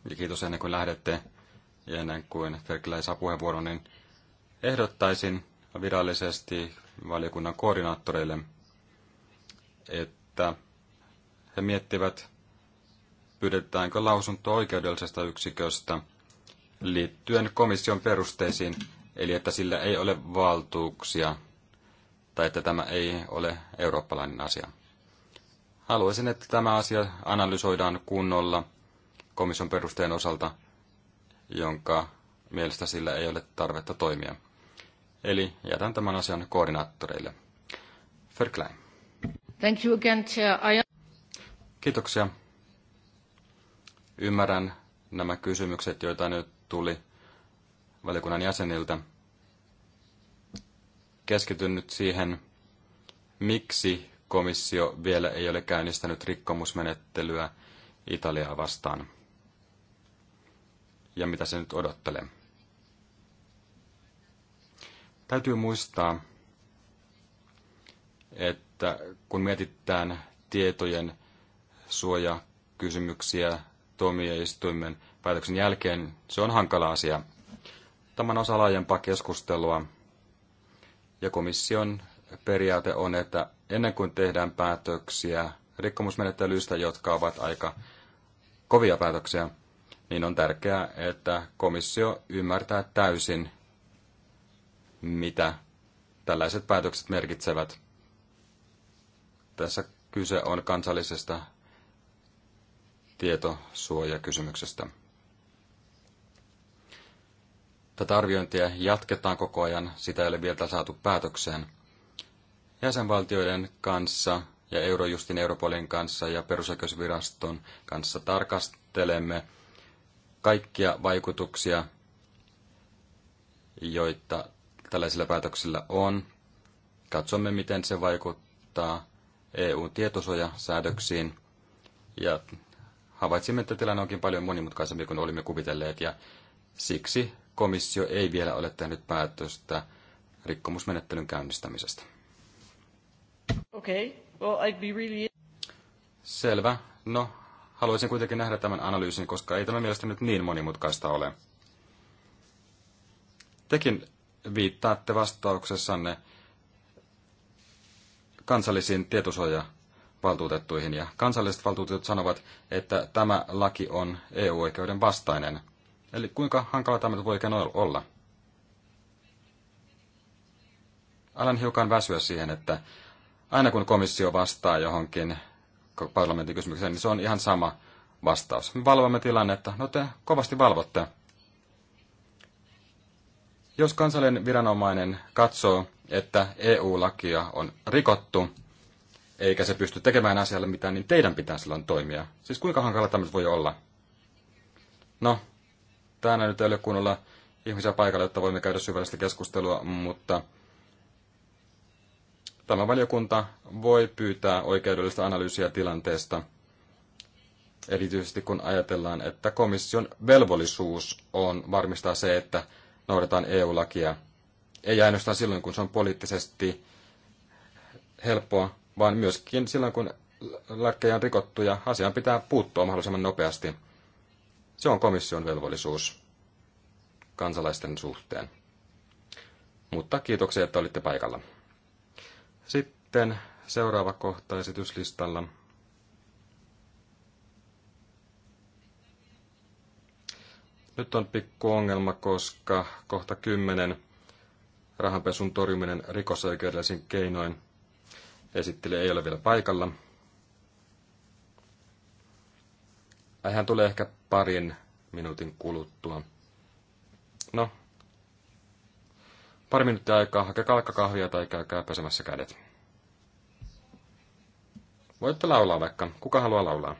Ja kiitos ennen kuin lähdette ja ennen kuin Ferkilä saa puheenvuoron, niin ehdottaisin virallisesti valiokunnan koordinaattoreille, että he miettivät, pyydetäänkö lausunto oikeudellisesta yksiköstä liittyen komission perusteisiin, eli että sillä ei ole valtuuksia tai että tämä ei ole eurooppalainen asia. Haluaisin, että tämä asia analysoidaan kunnolla komission perusteen osalta – jonka mielestä sillä ei ole tarvetta toimia. Eli jätän tämän asian koordinaattoreille. Ferklein. Thank you again, Chair. I... Kiitoksia. Ymmärrän nämä kysymykset, joita nyt tuli valiokunnan jäseniltä. Keskityn nyt siihen, miksi komissio vielä ei ole käynnistänyt rikkomusmenettelyä Italiaa vastaan ja mitä se nyt odottelee. Täytyy muistaa, että kun mietitään tietojen suojakysymyksiä tuomioistuimen päätöksen jälkeen, se on hankala asia. Tämän osa laajempaa keskustelua ja komission periaate on, että ennen kuin tehdään päätöksiä rikkomusmenettelyistä, jotka ovat aika kovia päätöksiä, niin on tärkeää, että komissio ymmärtää täysin, mitä tällaiset päätökset merkitsevät. Tässä kyse on kansallisesta tietosuojakysymyksestä. Tätä arviointia jatketaan koko ajan, sitä ei ole vielä saatu päätökseen. Jäsenvaltioiden kanssa ja Eurojustin Europolin kanssa ja perusoikeusviraston kanssa tarkastelemme kaikkia vaikutuksia, joita tällaisilla päätöksillä on. Katsomme, miten se vaikuttaa EU-tietosuojasäädöksiin. Ja havaitsimme, että tilanne onkin paljon monimutkaisempi kuin olimme kuvitelleet, ja siksi komissio ei vielä ole tehnyt päätöstä rikkomusmenettelyn käynnistämisestä. Okay. Well, I'd be really... Selvä. No, haluaisin kuitenkin nähdä tämän analyysin, koska ei tämä mielestäni nyt niin monimutkaista ole. Tekin viittaatte vastauksessanne kansallisiin tietosuojavaltuutettuihin, ja kansalliset valtuutetut sanovat, että tämä laki on EU-oikeuden vastainen. Eli kuinka hankala tämä voi oikein olla? Alan hiukan väsyä siihen, että aina kun komissio vastaa johonkin parlamentin kysymykseen, niin se on ihan sama vastaus. Me valvomme tilannetta. No te kovasti valvotte. Jos kansallinen viranomainen katsoo, että EU-lakia on rikottu, eikä se pysty tekemään asialle mitään, niin teidän pitää silloin toimia. Siis kuinka hankala tämmöinen voi olla? No, täällä nyt ei ole kunnolla ihmisiä paikalla, jotta voimme käydä syvällistä keskustelua, mutta Tämä valiokunta voi pyytää oikeudellista analyysiä tilanteesta, erityisesti kun ajatellaan, että komission velvollisuus on varmistaa se, että noudataan EU-lakia. Ei ainoastaan silloin, kun se on poliittisesti helppoa, vaan myöskin silloin, kun lakkeja on rikottu ja asiaan pitää puuttua mahdollisimman nopeasti. Se on komission velvollisuus kansalaisten suhteen. Mutta kiitoksia, että olitte paikalla. Sitten seuraava kohta esityslistalla. Nyt on pikku ongelma, koska kohta 10 rahanpesun torjuminen rikosoikeudellisin keinoin esittelijä ei ole vielä paikalla. Hän tulee ehkä parin minuutin kuluttua. No, Pari minuuttia aikaa, hakekaa vaikka kahvia tai käykää pesemässä kädet. Voitte laulaa vaikka. Kuka haluaa laulaa?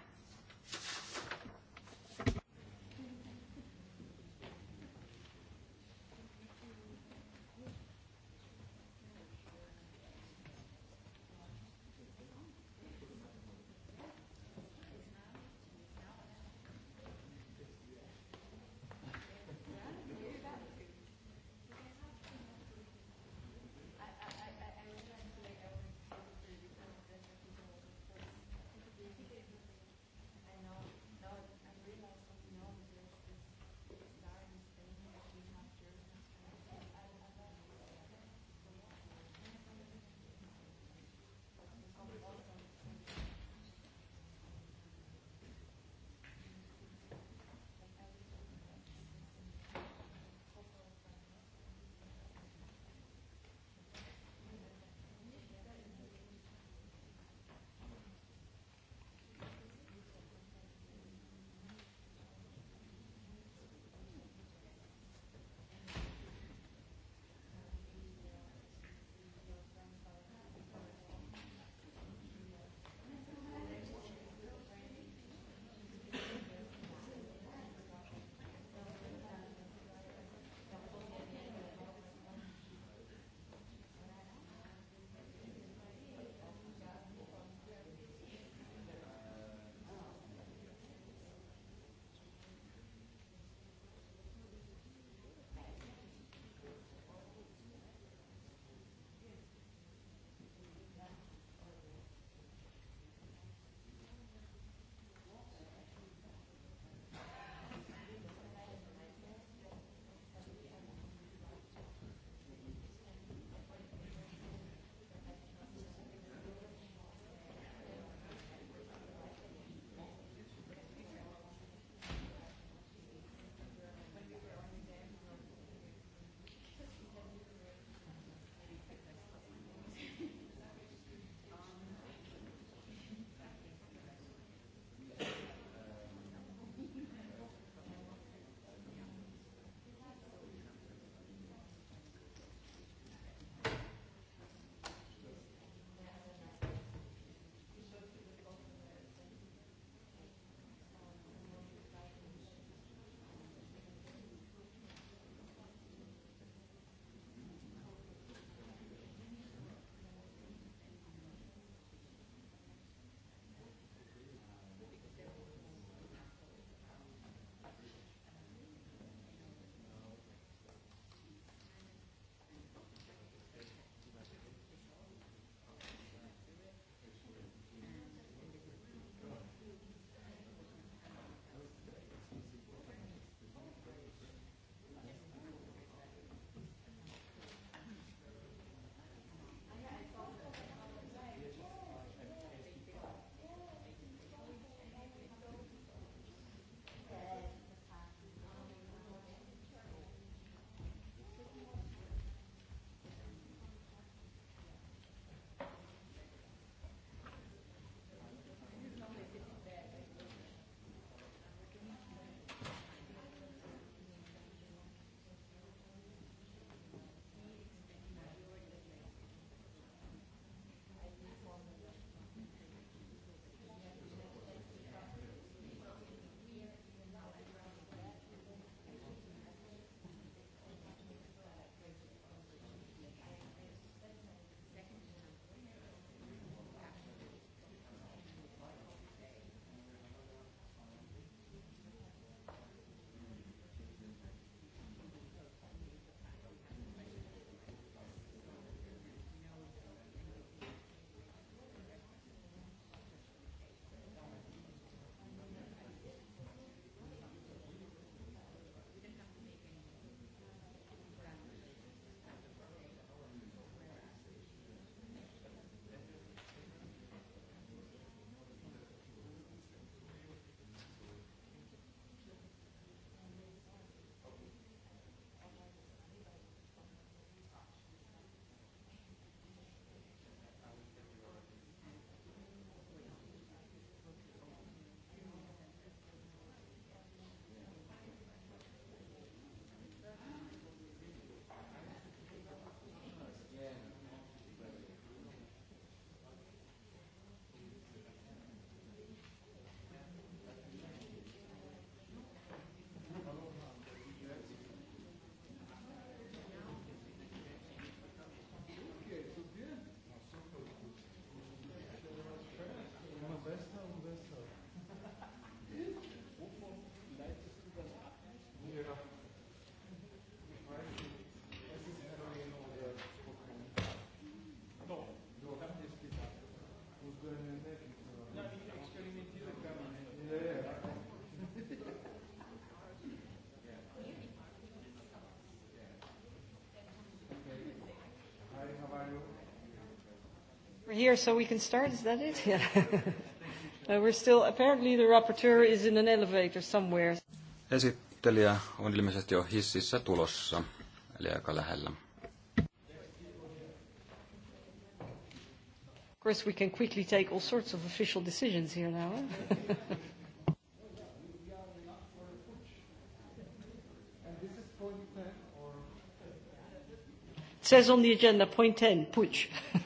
We're here so we can start, is that it? Yeah. no, we're still, apparently the rapporteur is in an elevator somewhere. Esittelijä on ilmeisesti jo hississä tulossa, eli aika lähellä. Of course, we can quickly take all sorts of official decisions here now. Eh? It says on the agenda, point 10, putsch.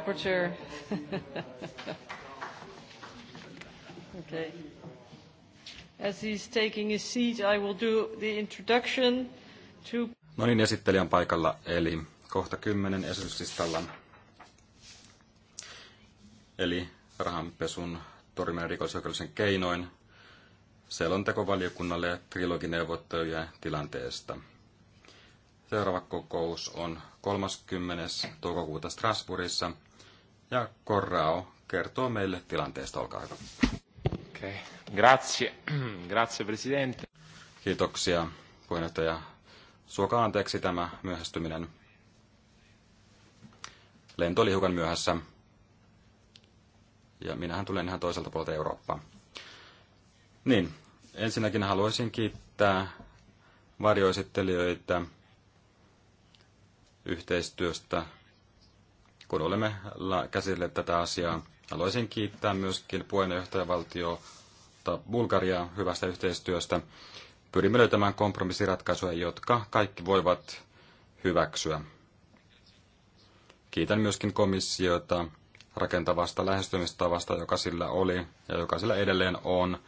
rapporteur. okay. As he's taking his seat, I will do the introduction to... No niin, esittelijän paikalla, eli kohta kymmenen esityslistalla. Eli rahanpesun torjuminen rikollisoikeudellisen keinoin selontekovaliokunnalle ja trilogineuvottelujen tilanteesta. Seuraava kokous on 30. toukokuuta Strasbourgissa – ja Corrao kertoo meille tilanteesta. Olkaa hyvä. Okay. Grazie. Grazie, presidente. Kiitoksia, puheenjohtaja. Suokaa anteeksi tämä myöhästyminen. Lento oli hiukan myöhässä. Ja minähän tulen ihan toiselta puolelta Eurooppaa. Niin, ensinnäkin haluaisin kiittää varjoesittelijöitä yhteistyöstä kun olemme käsille tätä asiaa. Haluaisin kiittää myöskin puheenjohtajavaltiota Bulgariaa hyvästä yhteistyöstä. Pyrimme löytämään kompromissiratkaisuja, jotka kaikki voivat hyväksyä. Kiitän myöskin komissiota rakentavasta lähestymistavasta, joka sillä oli ja joka sillä edelleen on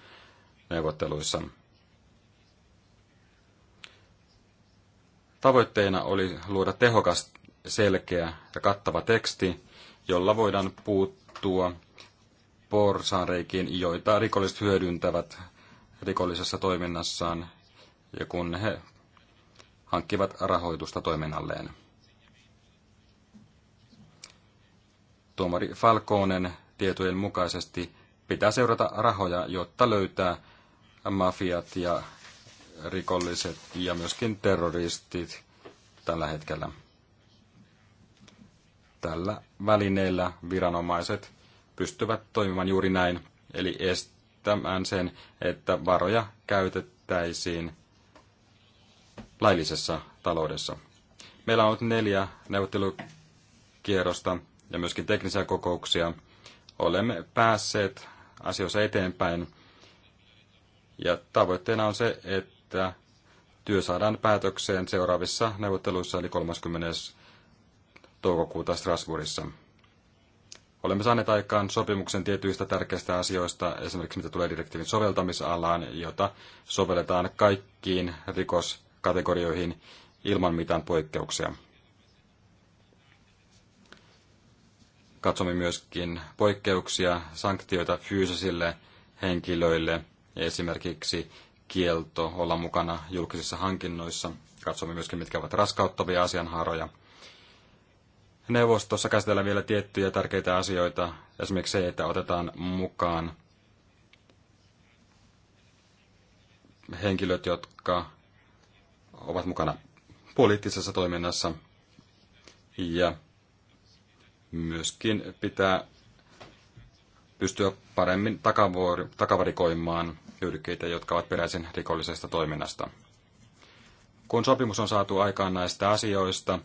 neuvotteluissa. Tavoitteena oli luoda tehokas selkeä ja kattava teksti, jolla voidaan puuttua porsaanreikiin, joita rikolliset hyödyntävät rikollisessa toiminnassaan ja kun he hankkivat rahoitusta toiminnalleen. Tuomari Falconen tietojen mukaisesti pitää seurata rahoja, jotta löytää mafiat ja rikolliset ja myöskin terroristit tällä hetkellä tällä välineellä viranomaiset pystyvät toimimaan juuri näin, eli estämään sen, että varoja käytettäisiin laillisessa taloudessa. Meillä on ollut neljä neuvottelukierrosta ja myöskin teknisiä kokouksia. Olemme päässeet asioissa eteenpäin ja tavoitteena on se, että työ saadaan päätökseen seuraavissa neuvotteluissa eli 30 toukokuuta Strasbourgissa. Olemme saaneet aikaan sopimuksen tietyistä tärkeistä asioista, esimerkiksi mitä tulee direktiivin soveltamisalaan, jota sovelletaan kaikkiin rikoskategorioihin ilman mitään poikkeuksia. Katsomme myöskin poikkeuksia, sanktioita fyysisille henkilöille, esimerkiksi kielto olla mukana julkisissa hankinnoissa. Katsomme myöskin, mitkä ovat raskauttavia asianhaaroja – Neuvostossa käsitellään vielä tiettyjä tärkeitä asioita, esimerkiksi se, että otetaan mukaan henkilöt, jotka ovat mukana poliittisessa toiminnassa ja myöskin pitää pystyä paremmin takavarikoimaan hyödykkeitä, jotka ovat peräisin rikollisesta toiminnasta. Kun sopimus on saatu aikaan näistä asioista,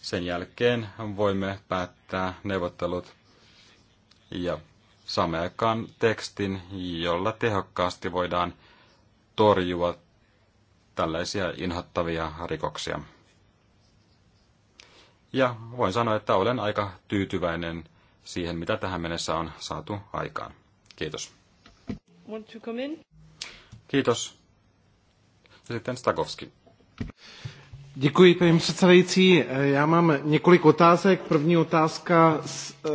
sen jälkeen voimme päättää neuvottelut ja saamme aikaan tekstin, jolla tehokkaasti voidaan torjua tällaisia inhottavia rikoksia. Ja voin sanoa, että olen aika tyytyväinen siihen, mitä tähän mennessä on saatu aikaan. Kiitos. Want to come in? Kiitos. Ja sitten Stakowski. Děkuji, paní předsedající. Eh, já mám několik otázek. První otázka eh,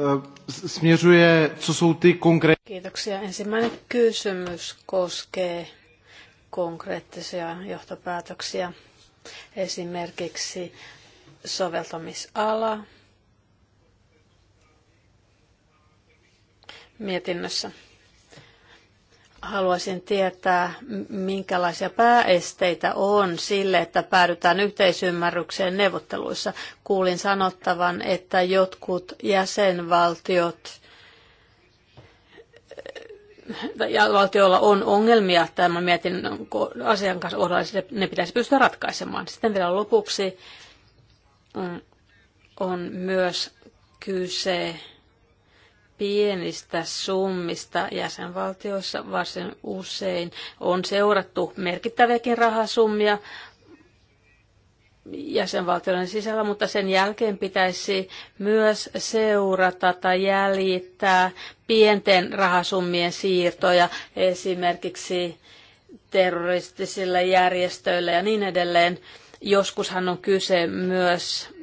směřuje, co jsou ty konkrétní... Kiitoksia. Ensimmäinen kysymys koskee konkreettisia johtopäätöksiä. Esimerkiksi soveltamisala mietinnössä haluaisin tietää, minkälaisia pääesteitä on sille, että päädytään yhteisymmärrykseen neuvotteluissa. Kuulin sanottavan, että jotkut jäsenvaltiot äh, ja valtioilla on ongelmia tämän mietin asian kanssa kohdalla, ne pitäisi pystyä ratkaisemaan. Sitten vielä lopuksi mm, on myös kyse pienistä summista jäsenvaltioissa varsin usein on seurattu merkittäviäkin rahasummia jäsenvaltioiden sisällä, mutta sen jälkeen pitäisi myös seurata tai jäljittää pienten rahasummien siirtoja esimerkiksi terroristisille järjestöille ja niin edelleen. Joskushan on kyse myös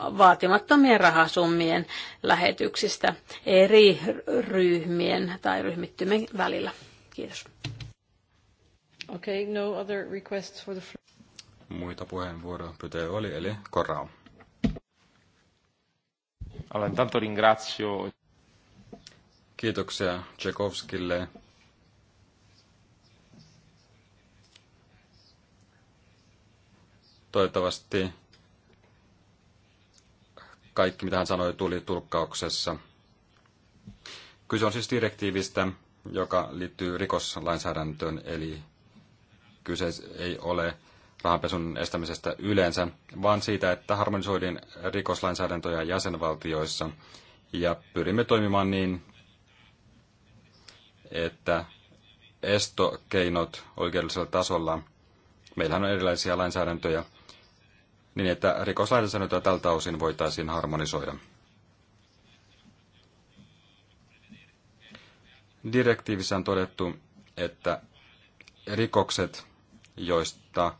vaatimattomien rahasummien lähetyksistä eri ryhmien tai ryhmittymien välillä. Kiitos. Okay, no other requests for the floor. Muita puheenvuoropyyntöjä oli, eli Korao. Allora, intanto ringrazio. Kiitoksia Tchaikovskille toivottavasti kaikki, mitä hän sanoi, tuli tulkkauksessa. Kyse on siis direktiivistä, joka liittyy rikoslainsäädäntöön, eli kyse ei ole rahanpesun estämisestä yleensä, vaan siitä, että harmonisoidin rikoslainsäädäntöjä jäsenvaltioissa ja pyrimme toimimaan niin, että estokeinot oikeudellisella tasolla, meillähän on erilaisia lainsäädäntöjä, niin että rikoslainsäädäntöä tältä osin voitaisiin harmonisoida. Direktiivissä on todettu, että rikokset, joista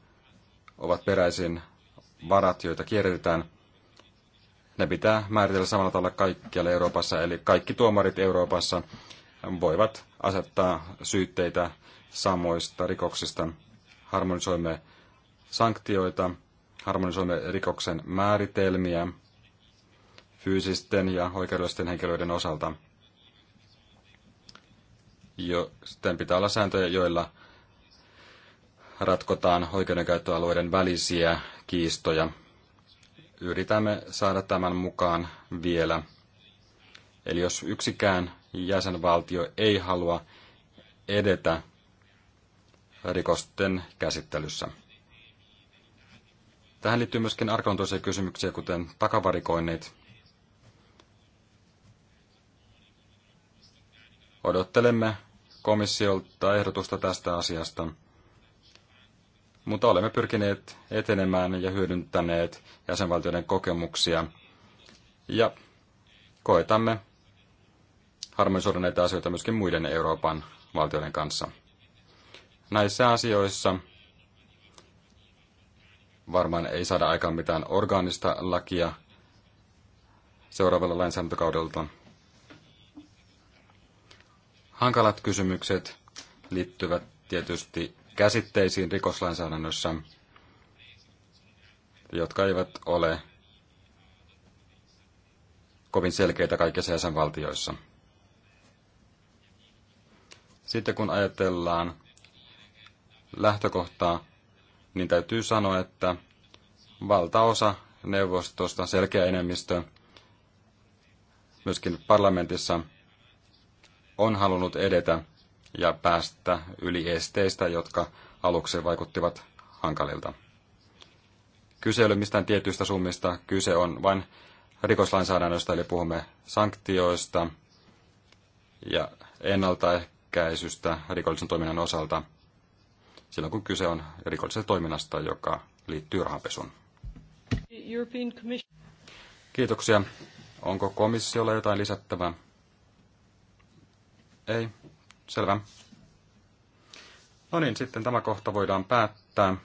ovat peräisin varat, joita kierretään, ne pitää määritellä samalla tavalla kaikkialla Euroopassa. Eli kaikki tuomarit Euroopassa voivat asettaa syytteitä samoista rikoksista. Harmonisoimme sanktioita harmonisoimme rikoksen määritelmiä fyysisten ja oikeudellisten henkilöiden osalta. Jo, sitten pitää olla sääntöjä, joilla ratkotaan oikeudenkäyttöalueiden välisiä kiistoja. Yritämme saada tämän mukaan vielä. Eli jos yksikään jäsenvaltio ei halua edetä rikosten käsittelyssä. Tähän liittyy myöskin arkaluontoisia kysymyksiä, kuten takavarikoinnit. Odottelemme komissiolta ehdotusta tästä asiasta, mutta olemme pyrkineet etenemään ja hyödyntäneet jäsenvaltioiden kokemuksia ja koetamme harmonisoida näitä asioita myöskin muiden Euroopan valtioiden kanssa. Näissä asioissa varmaan ei saada aikaan mitään orgaanista lakia seuraavalla lainsäädäntökaudelta. Hankalat kysymykset liittyvät tietysti käsitteisiin rikoslainsäädännössä, jotka eivät ole kovin selkeitä kaikissa jäsenvaltioissa. Sitten kun ajatellaan lähtökohtaa, niin täytyy sanoa, että valtaosa neuvostosta, selkeä enemmistö, myöskin parlamentissa on halunnut edetä ja päästä yli esteistä, jotka aluksi vaikuttivat hankalilta. Kyse ei ole mistään tietyistä summista, kyse on vain rikoslainsäädännöstä, eli puhumme sanktioista ja ennaltaehkäisystä rikollisen toiminnan osalta – silloin kun kyse on rikollisesta toiminnasta, joka liittyy rahanpesuun. Kiitoksia. Onko komissiolla jotain lisättävää? Ei. Selvä. No niin, sitten tämä kohta voidaan päättää.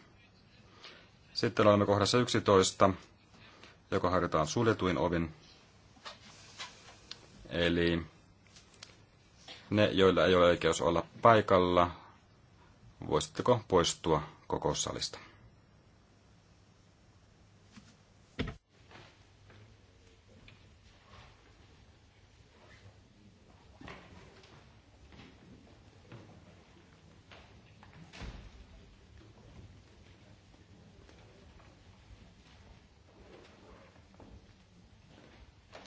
Sitten olemme kohdassa 11, joka harjoitetaan suljetuin ovin. Eli ne, joilla ei ole oikeus olla paikalla, Voisitteko poistua salista?